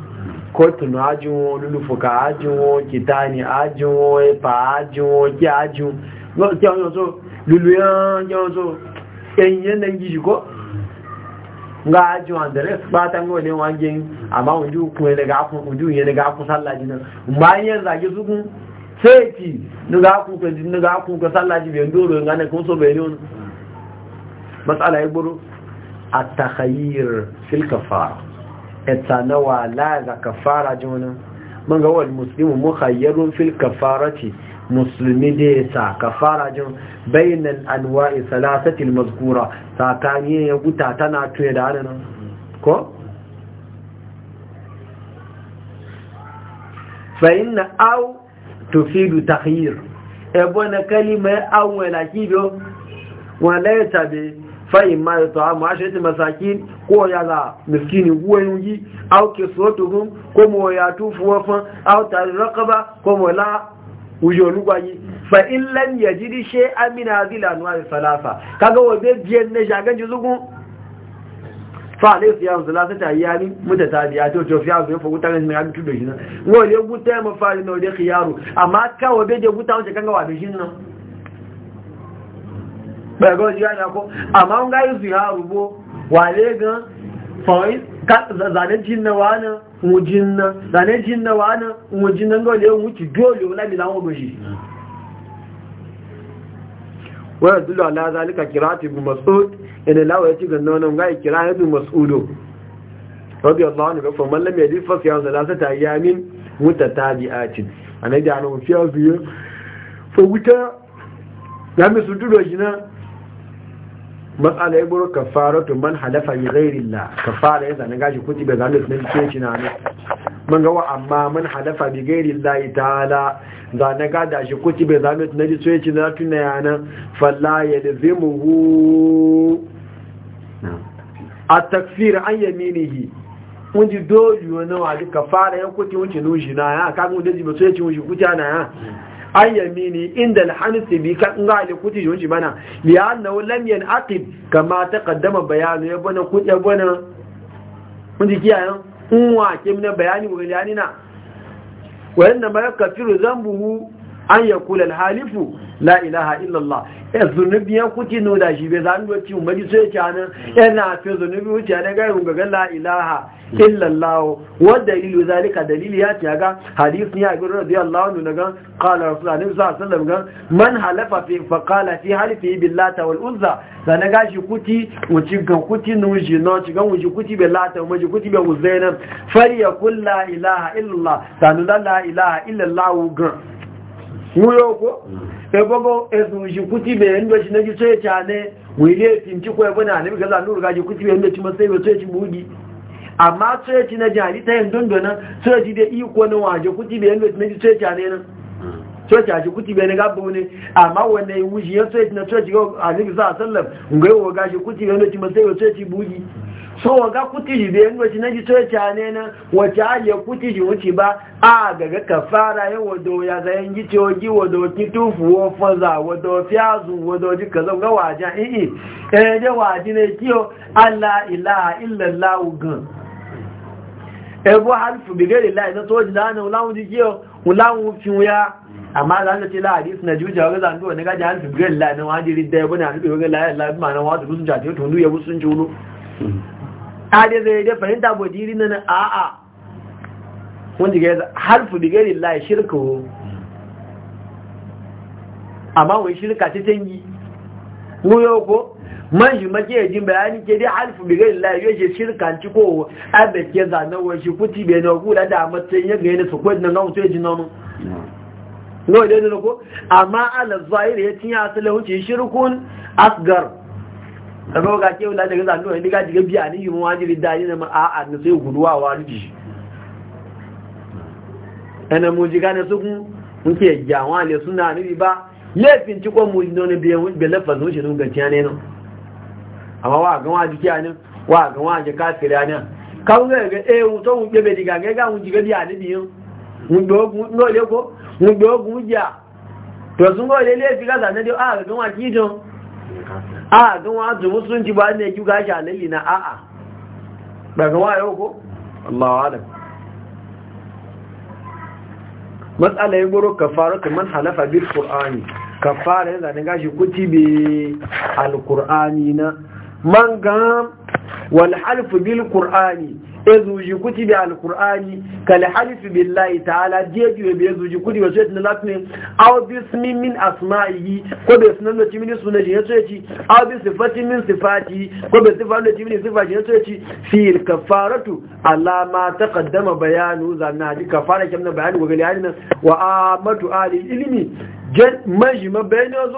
kotun ajin wo lulufuka ajin wo kitani ajin wo epa ajin wo ki ajin wo ki ajin wo so lulu yan so enyi na gishi ko nga ajin wa dere ba ta ngo ne wange amma wuju ku ne ga ku wuju ye ne ga ku sallaji na ba ye za ji su kun sai ti ga ku ko ni ga ku ko sallaji be ndoro nga ne ko so be ni masala ya e buru at-takhayyir fil kafara etsanawa la ga kafara jona manga wal muslimu mukhayyarun fil kafarati musulmi da ya sa kafara jin bayanan anwa'i salasatil mazkura tsakani ya guta tana tuye da hannun ko? fa'in na au tufidu takhir ebo na kalimar awon lakibiyo wala ya tabe fa'in ma da ta'amu a shaiti masakin ko ya za miskini guwan yi auke sotuhun ko mo ya tufu wafan autari rakaba ko mo la wujo lugwayi fa'in lan ya jiri she amina zila nuwa da salafa kaga wabe biyan na shagan ji zugun fa'alai su yawon zala ta yi yari mutu ta biya ta fi yanzu su yafa wuta ganin ya mutu da shi nan wale guta ya mafari na wade kiyaru amma kawo bai je guta wace kan gawa da shi nan ɓargon jiya na ko amma n gayi su ya rubo wale gan zane jinna wani wujinna zane jinna wani wujinna ga wale wuce dole wani da zama goshi wani dole ala zalika kira ta ibu mas'ud ina lawa ya ci ganna wani gayi kira ya ibu mas'udo rabi allah ni ga famar lamar yadda fasa yawon zalasa ta yamin mutatabi'atin anai da ana wuce ya zuye fa wuta ya mai su duro shi na matsala ya buru tun man halafa bi ghairillah kafara ya zane gashi kuti bai zane su ke shi na ne man ga wa amma man halafa bi ghairillah ta'ala zane gada shi kuti bai zanu su ke ci na tun yana falla hu a takfir an yaminihi mun ji doju na wa kafara ya kuti mun ci nushi na ya kagun da ji su ya ci mun shi kuti na ya an yamini inda alhanisi bi ka nga ale kuti yunji bana li annahu lam yanaqib kama taqaddama bayanu ya bana ku ya bana kunji kiyayen unwa ke mina bayani wa gani na wa inna ma yakfiru dhanbuhu an yaqula alhalifu la ilaha illa allah ya eh, zunubi ya kuke noda da shi bai zan da ciwo mai sai ta nan yana eh, fi zunubi wuce ya ga yin ga la ilaha illallah wa dalilu zalika dalili ya ce ga hadith da ga radiyallahu anhu daga qala rasulullahi su a wasallam gan man halafa fi fakala fi halifi billata wal uzza unza zane gashi kuti wuce ga kuti no ji no ci ga kuti bai lata mu kuti bai uzaina fari ya kulla ilaha illallah sanu illallah ga mu ko ebogo ezun shi kuti be na gice chane wile tinci ko ebona ne biga zanu ruga ji kuti be ndo bugi amma da na waje kuti be ndo chane ne amma wanne wuji ya church na church go alibi sa sallam bugi so waga kutiji da yin na ji coca ne nan wace hali kutiji wuce ba a gaga ka fara yin wado ya zayen gice wagi wado ki tufu wa faza wado fiyazu wado ji ka zauga waje i'i ɗaya da waje ne kiyo allah ilaha illallah ugan ebo halifu bigari lai na soji da hannun ji kiyo wulawun fi wuya amma za ta ce lahadis na juja ga zandu wani gaji halifu bigari lai na wajen ridda ya bane halifu bigari lai lai ma na wasu musun jati ya tundu ya musun julu ade zai da fahimta bodiri nan a'a wanda ga harfu digari la shirka ho amma wai shirka ta tangi wuyo ko man shi make ya jin bayani ke dai harfu digari la yo shi shirka ci ko da ke zane wa shi kuti bai na kula da matsayin ya gani su kwai nan ga mutu ya jin nan no dai da ko amma ala zahiri ya tinya asalin wuce shirkun asgar kaga ga ke wala daga ne ga diga biya ni yi mu wajiri dani na a a ne sai wa ruji ana mu jiga ne muke jawa ne suna ni ba lefin ci ko mu no ne biyan be lafazin shi wa wa biya ko a gan wazu musulunci ba ne ki gashi alalli na a'a daga wa yau ko wa alam matsala ya goro kafara kaman halafa bil qur'ani kafara yana da gashi kutibi al qur'ani na man ga wal halfu bil qur'ani ezuji kuti bi alkur'ani kal halifu billahi ta'ala jeju e bi ezuji kuti wasu yatin latin aw bismi min asma'ihi ko be sunan da cimini sunan da yato yaci aw bi sifati min sifati ko be sifan da cimini sifati yato yaci fi kafaratu ala ma taqaddama bayanu zanna di kafara kamna bayani wa gali wa amatu ali ilmi majima bayan yanzu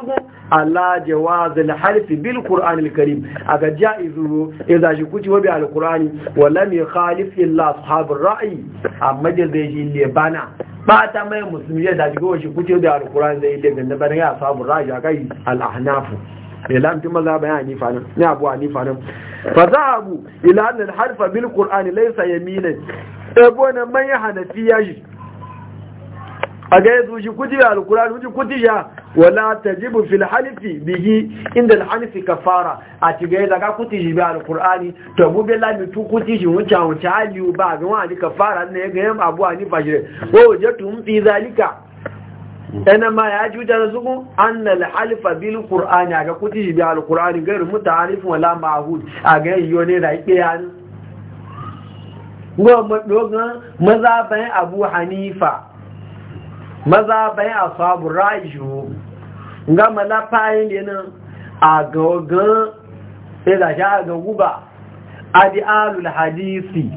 ala jawazil harfi bil qur'anil karim aga jaizu idza shi kuci wa bi al qur'ani wa lam yukhalif illa ashabur ra'i amma da zai yi le bana ba ta mai musulmi da shi kuci wa bi al qur'ani zai le ganda bana ya ashabur ra'i aga al ahnaf ne lamti maza bayan ni fanan ne abu ani fanan fa zahabu ila an al harfa bil qur'ani laysa yaminan ebo na mai hanafiya shi a ga yanzu shi kuti ya alkurani shi kuti ya wala jibu fil halifi bihi inda alhalifi fara. a ci ga yanzu kuti shi bi alkurani to bu bi lami tu kuti shi wuce wuce aliyu ba a ga wani kafara ne ga yan abu ani fashire tu wajatu fi zalika ɗana ma ya wuce da suku annal halifa bil a ga kuti shi bi alkurani gairu halifin wala mahud a ga yiwo ne da yake yana gwa maza bayan abu hanifa maza bayan a sabu rayu ga malafayin yanin a gaugan ilashi e a ga guba a di alul hadisi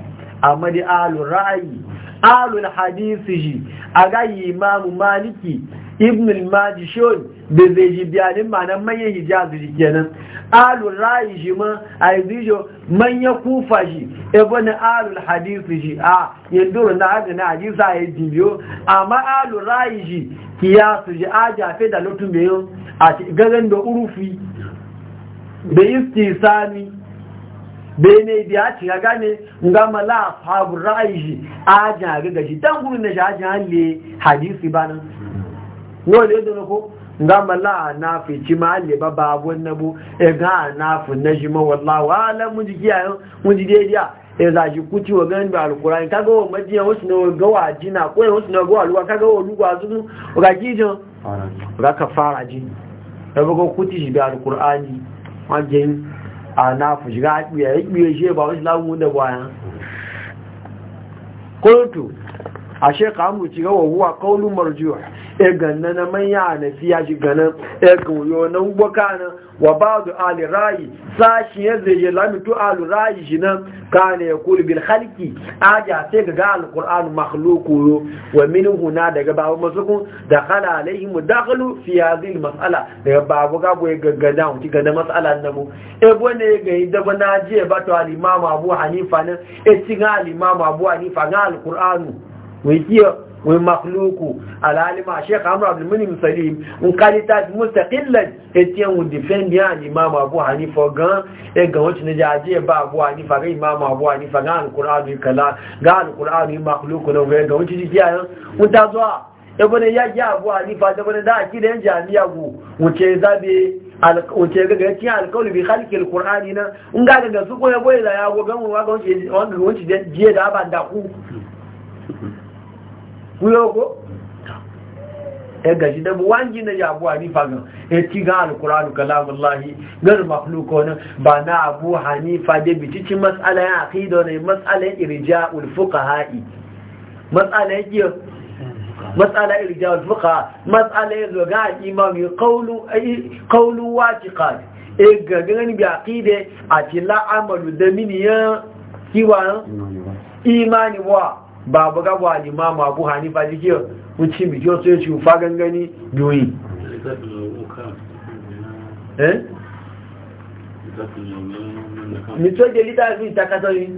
amma di alul ra'ayi alul hadisi shi a ga yi maliki ibn al-majishun da zai ji biyanin manan manyan hijazu kenan alul rayi shi ma a yanzu manya kufa shi ibn alul hadisi shi a yanzu na haka na hadisa ya jibiyo amma alul rayi shi su shi a jafe da lutun yau a gagan da urufi da istisani bene da ya ci gane gama mala ashabur rayi shi a jaga gashi dan gudun na shi a jihar hadisi banan na ole dùn kó gama la'ana fi ci mahalle ba babun na bu e gana fi na shi mawallawa halar mun ji kiyayen mun ji e kuti ya wa gani ba alkurani kaga wa majiya wasu na gawa jina ko wasu na gawa luwa kaga wa ruwa zuzu ga kijin ga ka fara ji e ya yi biye shi ba wasu lagun a sheka amu ci gawa huwa kaulun marjuh e ganna na manya na siya shi ganan e goyo na gwaka na wa ba'du ali rayi sashi ya zai lamitu alu rayi shi nan ne ya kulu bil khalqi aja sai ga ga alquran makhluku wa min huna daga babu masukun da khala alaihi mudakhalu fi hadhihi mas'ala daga babu ga boye gaggada mu ci ga da mas'alan mu e bone ga da na je ba to al imam abu hanifa na. e ci ga al imam abu hanifa ga alquranu wikiya wai makhluku alalima sheikh amr abdul munim salim un kalita mustaqillan etiyan un defend ya imam abu hanifa gan e ga wancin ba abu hanifa imam abu hanifa kala ga alqur'ani makhluku ne ga wancin jiya un ta zuwa e bane ya abu hanifa da bane da go al bi khalqi na un ga su ko ya boye da ya go gan wa ga wancin wancin je da ba da ku kuyoko ga shi bu wangi na ya abu hanifa gan ya ci gan alkuranu kalamullahi gar makhluko nan ba na abu hanifa da bitici matsala ya aqido ne mas'ala irja ulfuqaha'i matsala yake mas'ala irja fuqa mas'ala ya ga imam qawlu ay eh, qawlu waqiqad e ga gan bi aqide atila amalu da ya kiwa imani wa ba buga wa limamu abu hanifa jike wuce mai ya sai cufa gangani yoyi mito da lita fi ta katori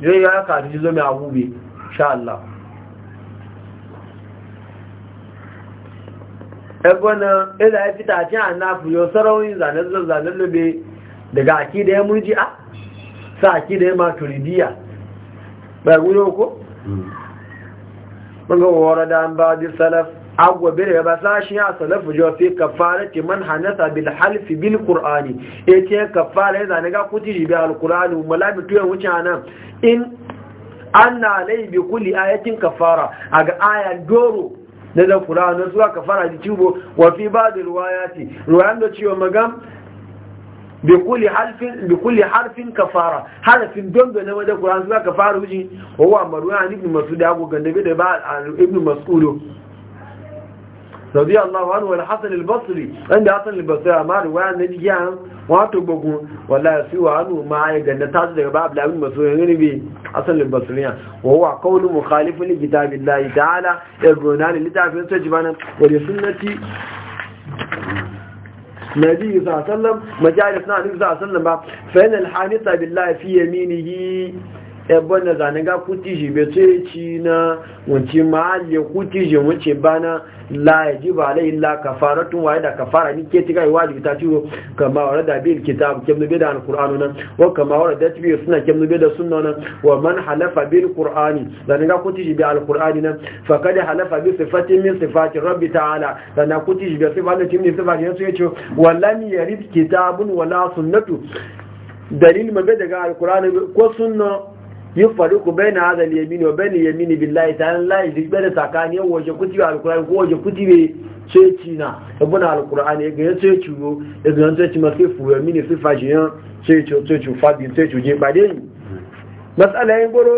yoyi ya kasu ji mai abu bi sha Allah ẹgbọ́nà ila ya fita cin annafu yau sarauyin zane-zane lobe daga aki da ya murji a sa aki da ma maturidiya ba guyo ko mun hmm. ga da an ba di salaf agwa bere ba sa shi ya salafu jo fi kafarati man hanata bil halfi bil qur'ani yace e kafara yana ne ga kuti bi al qur'ani malami tuya wuce anan in anna lay bi kulli ayatin kafara aga aya doro da da qur'ani suka kafara di tubo wa fi ba'd riwayati riwayan da ciwo magam بكل حرف بكل حرف كفاره حرف دنگ na wada Qur'an zuwa kafara wuji wa marwan ibn mas'ud abu gandabe da ba ibn mas'ud رضي الله عنه والحسن البصري عند حسن البصري ما روايه النبي جان wato bugu wala fi wa ma ganda ta daga babu labin masu yanzu bi asalin basuriya wa huwa qawlu mukhalifun li kitabillahi ta'ala ibnani litafin sajibana wa النبي صلى الله عليه وسلم ما جعلنا النبي صلى الله عليه وسلم فإن الحانطة بالله في يمينه ebon da zane ga kutiji be tsaye ci na wunci ma'alle kutiji wuce bana la ya ji ba lai la illa tun waye da kafara ni ke tiga iwa jibita ciwo kama wa da bil kitab kemnu be da alkur'anu nan wa kama wa da tabi suna kemnu be da sunna nan wa man halafa bil qur'ani zane ga kutiji bi alkur'ani nan fa kad halafa bi sifati min sifati rabbi ta'ala zane kutiji bi sifati min sifati yasu yace wa lam yarid kitabun wala sunnatu dalil mabe daga alkur'ani ko sunna yin faruku bai na hazali yamini wa bai na yamini billahi ta yin layi duk bai da tsakani yau waje kuti wa alkurani ko waje kuti bai ceci na ibuna alkurani ya gaya ceci yo ya gaya ceci masu fi yamini fi fashi yan ceci ceci fabi je ba dai yin goro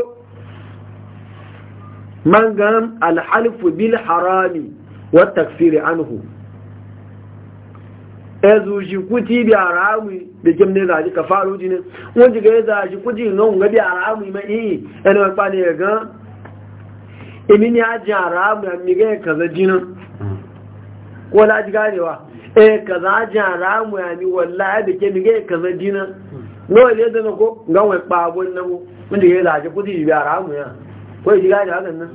man gan alhalfu bil harami wa takfiri anhu ezu shi kuti bi aramu da kim ne zaji ka faru jini won ji ga za shi kuti no ga bi aramu ma yi ana pa ne ga emi ni ji aramu ya mi ga kaza jini ko la ji ganewa eh kaza ji aramu ya ni wallahi da kim ga kaza jini no le da ko ga wai pa gon na mu won ji ga za shi kuti bi aramu ya ko ji gane hakan nan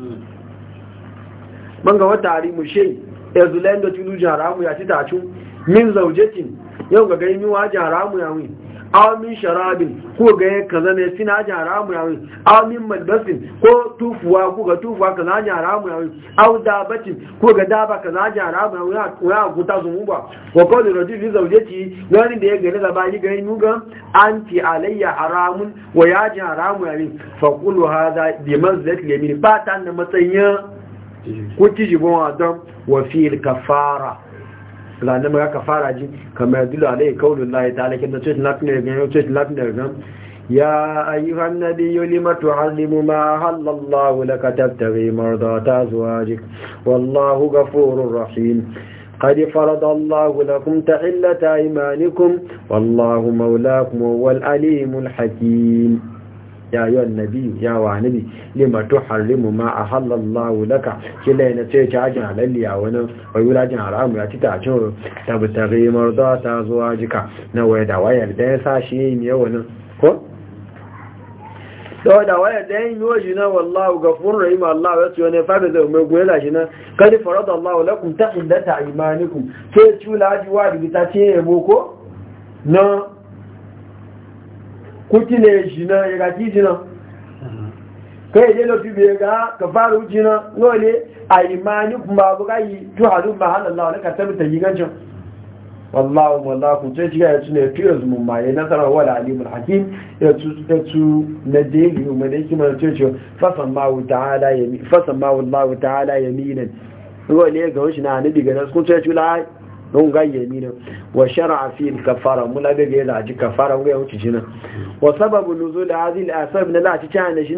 man ga wata ari mu shi ezu lendo ji jaramu ya ci tacin min zaujatin yau ga gani wajen haramu yawi amin sharabin ko ga yin kaza ne suna ajin haramu yawon amin malbasin ko tufuwa ko ga tufuwa kaza ajin haramu yawon au dabati ko ga daba kaza ajin haramu yawon ya guta zumu ba ko kawai rodi ni zaujaci wani da ya gani zaba yi ga nuga ga anti alayya haramun wa ya ajin yawi fa fakulu haza bi manzilat yamin fatan da matsayin ko jibon adam wa fil kafara لانه ما كفارا كما يدل عليه قول الله تعالى كنا تشيت لاتنا تشيت لاتنا يا ايها النبي لما تعلم ما حل الله لك تبتغي مرضات ازواجك والله غفور رحيم قد فرض الله لكم تحله ايمانكم والله مولاكم هو الاليم الحكيم ya yi nabi ya wa nabi lima to harimu ma a halallahu laka kila yana ce ta ajin halalli a wani wani ajin haramu ya tita a cin ru tabbatare marza ta zuwa jika na waya da wayar da ya sashi shi yin wani ko da wayar da yi yiwa shi na wallahu fun rahim Allah ya tsoye ne fabi zai mai goyi da shi na kadi farad Allah lakum ta illata imanikum sai cula ajiwa da bita ce yabo ko na kuki ne shi na ya gaji jina kai yi ti be ga ka faru jina no le nole ku ma bu ga yi ma tuhadu Allah ne ka ta yi gancin wallahu wallahu ce ga ya tune ya fiye mun ma ya nasarar wala alimul hakim ya tu ta tu na de deli umar da yake mana ce fasan wa ta'ala ya mi mi fa wa Allah ta'ala ya ne ko nole ga wasu na hannu daga nasu kun ce shi la'ai don gaye ni wa shar'a fi kafara mula da ga yaji kafara ga wuce shi wa sababu nuzul hadhihi al-asab na lati ta ne shi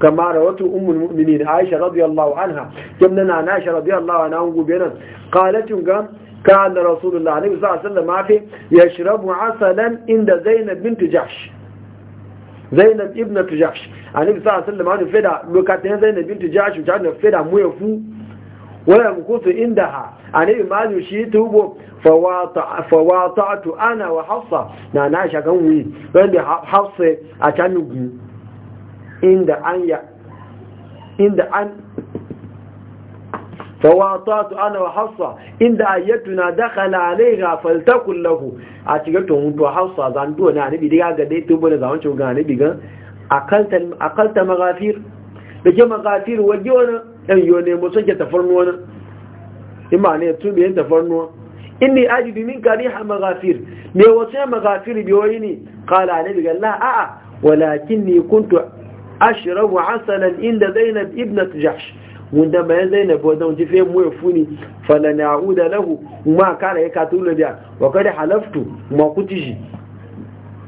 kama rawatu ummul mu'minin Aisha radiyallahu anha kimna na Aisha radiyallahu anha gobe nan qalatun ga كان رسول الله عليه الصلاة والسلام عافي inda Zainab عند زينب Zainab جحش زينب ابنة جحش عليه الصلاة والسلام عنه فدا لو كانت زينب بنت جحش wala kutu indaha anabi maju shi tubo fawata'tu ana wa hafsa na na shagan wi wanda hafsa a tanugu inda an ya inda an fawata'tu ana wa hafsa inda ayyatuna dakhala alayha faltakul lahu a cikin to mutu zan do na anabi diga ga dai tubo da zaman cewa anabi gan akalta akalta maghafir da ke waje wannan ɗan yiwu ne mu ke tafarnuwa na ima ne tun biyan tafarnuwa inni aji domin gari ha magafir me wasu ya magafir yi ne kala ne daga la a'a walakin ni kuntu ashirar wa asalan inda zainab ibn jahsh wanda mai zainab zaunci fiye mu ya funi fala na'uda lahu ma kara ya katulu biya wa kada halaftu ma shi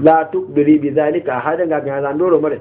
la tukbiri bi zalika hadan hadin ga zan doro mare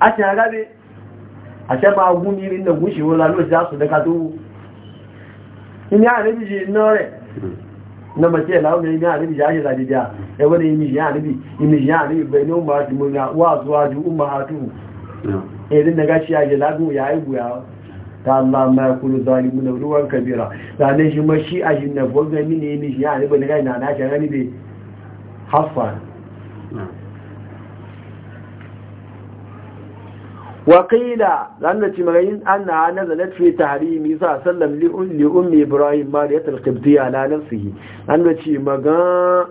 a ti agabe a ṣe máa gún ní ilé ìgún ṣe wọ́la ló ṣe àṣùdẹ́ka tó wú ní àríbìjì iná rẹ̀ na mace láwọn ní àríbì bẹ̀ ní ọmọ àti mọ́nà wà ya na kabira ranar shi ma a shi na ne na gai na na waƙila zan da ci magayin an na nazalat fi tahrimi sa sallam li ummi ibrahim mariyat al-qibtiyya la nafsihi an da ci maga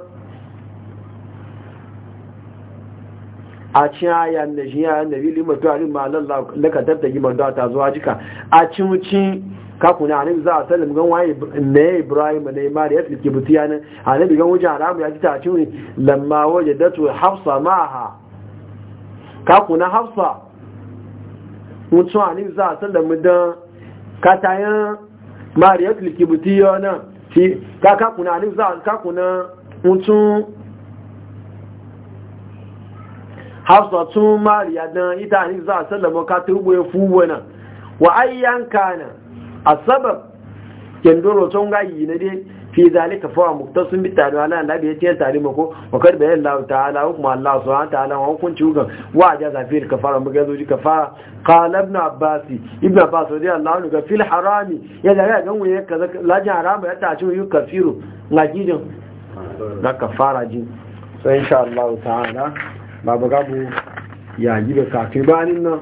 a cin ayan na shi yayan da bili mutu alim ma Allah laka tattaki marda ta zuwa jika a cin cin kakuna annabi za a sallam gan waye ne ibrahim ne mariyat al-qibtiyya nan annabi gan wajen haramu ya ci ta cin lamma wajadatu hafsa maha kakuna hafsa mutum a nufi a a sallama don katayen mariya tulikibuti yana fi kakakuna a nufi a kakuna mutum hafsa mariya don ita a nufi za a sallama katurbo ya na wa ayyanka a sabab kendoro tun gayi na dai fi zalika fa muktasim bi ta'ala na Allah yace ce tare mako wa kad bayan Allah ta'ala hukuma Allah subhanahu ta'ala wa hukunci hukan wa ja fi kafara gazo zoji kafara qala ibn abbas ibn abbas Allah anhu ga fil harami ya da ga wuye kaza lajin harama ya ta ci yu kafiru ngajin da kafara ji so insha Allah ta'ala babu gabu ya yi da kafin banin nan